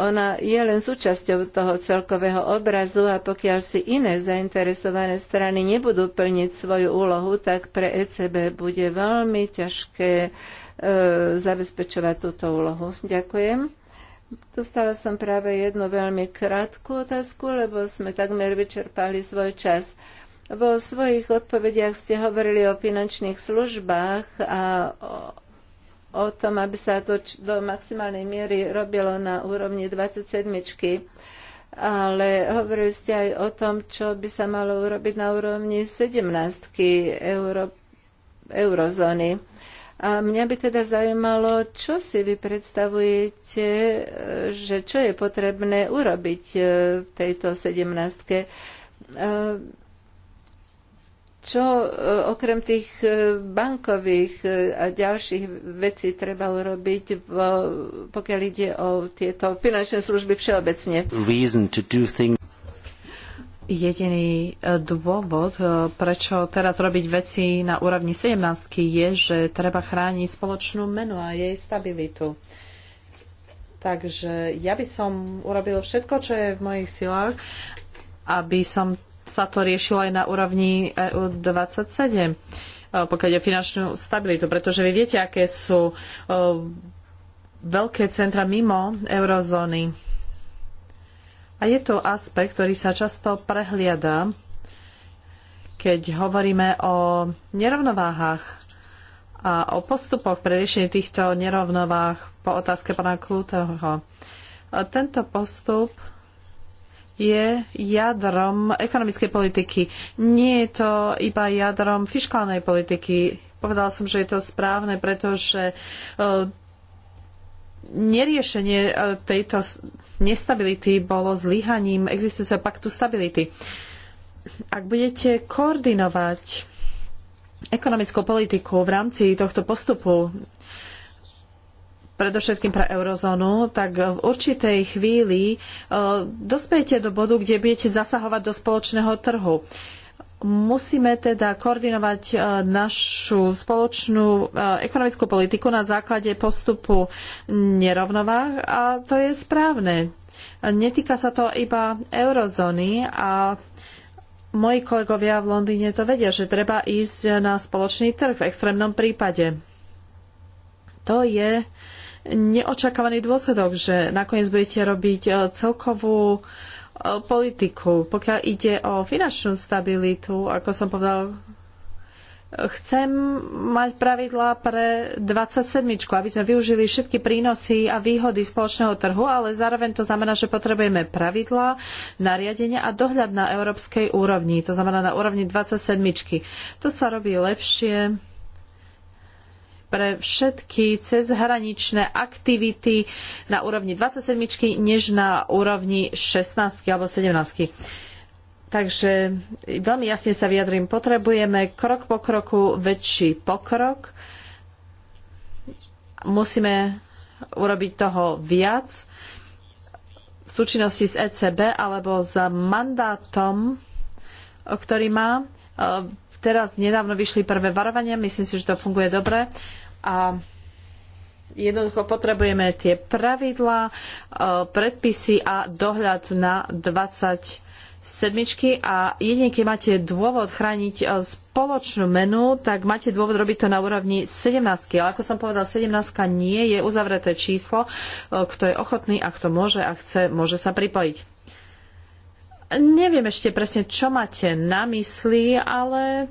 ona je len súčasťou toho celkového obrazu a pokiaľ si iné zainteresované strany nebudú plniť svoju úlohu, tak pre ECB bude veľmi ťažké e, zabezpečovať túto úlohu. Ďakujem. Dostala som práve jednu veľmi krátku otázku, lebo sme takmer vyčerpali svoj čas. Vo svojich odpovediach ste hovorili o finančných službách a o, o tom, aby sa to do maximálnej miery robilo na úrovni 27. -čky ale hovorili ste aj o tom, čo by sa malo urobiť na úrovni 17 euro, eurozóny. A mňa by teda zaujímalo, čo si vy predstavujete, e, že čo je potrebné urobiť e, v tejto sedemnástke. E, čo okrem tých bankových a ďalších vecí treba urobiť, pokiaľ ide o tieto finančné služby všeobecne? jediný e, dôvod, e, prečo teraz robiť veci na úrovni 17 je, že treba chrániť spoločnú menu a jej stabilitu. Takže ja by som urobil všetko, čo je v mojich silách, aby som sa to riešilo aj na úrovni EU27, e, pokiaľ je finančnú stabilitu, pretože vy viete, aké sú veľké centra mimo eurozóny a je to aspekt, ktorý sa často prehliada, keď hovoríme o nerovnováhach a o postupoch pre riešenie týchto nerovnováh po otázke pána Klúteho. Tento postup je jadrom ekonomickej politiky. Nie je to iba jadrom fiškálnej politiky. Povedala som, že je to správne, pretože e, neriešenie e, tejto nestability bolo zlyhaním existujúceho paktu stability. Ak budete koordinovať ekonomickú politiku v rámci tohto postupu, predovšetkým pre eurozónu, tak v určitej chvíli e, dospejete do bodu, kde budete zasahovať do spoločného trhu. Musíme teda koordinovať e, našu spoločnú e, ekonomickú politiku na základe postupu nerovnováh a to je správne. Netýka sa to iba eurozóny a moji kolegovia v Londýne to vedia, že treba ísť na spoločný trh v extrémnom prípade. To je neočakávaný dôsledok, že nakoniec budete robiť e, celkovú politiku. Pokiaľ ide o finančnú stabilitu, ako som povedal, chcem mať pravidlá pre 27, aby sme využili všetky prínosy a výhody spoločného trhu, ale zároveň to znamená, že potrebujeme pravidlá, nariadenia a dohľad na európskej úrovni, to znamená na úrovni 27. To sa robí lepšie pre všetky cezhraničné aktivity na úrovni 27 než na úrovni 16 alebo 17. Takže veľmi jasne sa vyjadrím, potrebujeme krok po kroku väčší pokrok. Musíme urobiť toho viac v súčinnosti s ECB alebo s mandátom, ktorý má. Teraz nedávno vyšli prvé varovania, myslím si, že to funguje dobre. A jednoducho potrebujeme tie pravidlá, e, predpisy a dohľad na 20 sedmičky a jedine, keď máte dôvod chrániť e, spoločnú menu, tak máte dôvod robiť to na úrovni 17. Ale ako som povedal, 17 nie je uzavreté číslo, e, kto je ochotný a kto môže a chce, môže sa pripojiť. Neviem ešte presne, čo máte na mysli, ale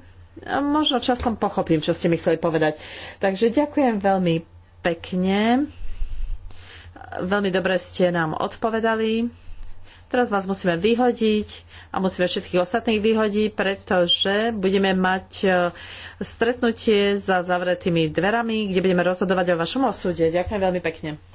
možno časom pochopím, čo ste mi chceli povedať. Takže ďakujem veľmi pekne. Veľmi dobre ste nám odpovedali. Teraz vás musíme vyhodiť a musíme všetkých ostatných vyhodiť, pretože budeme mať e, stretnutie za zavretými dverami, kde budeme rozhodovať o vašom osude. Ďakujem veľmi pekne.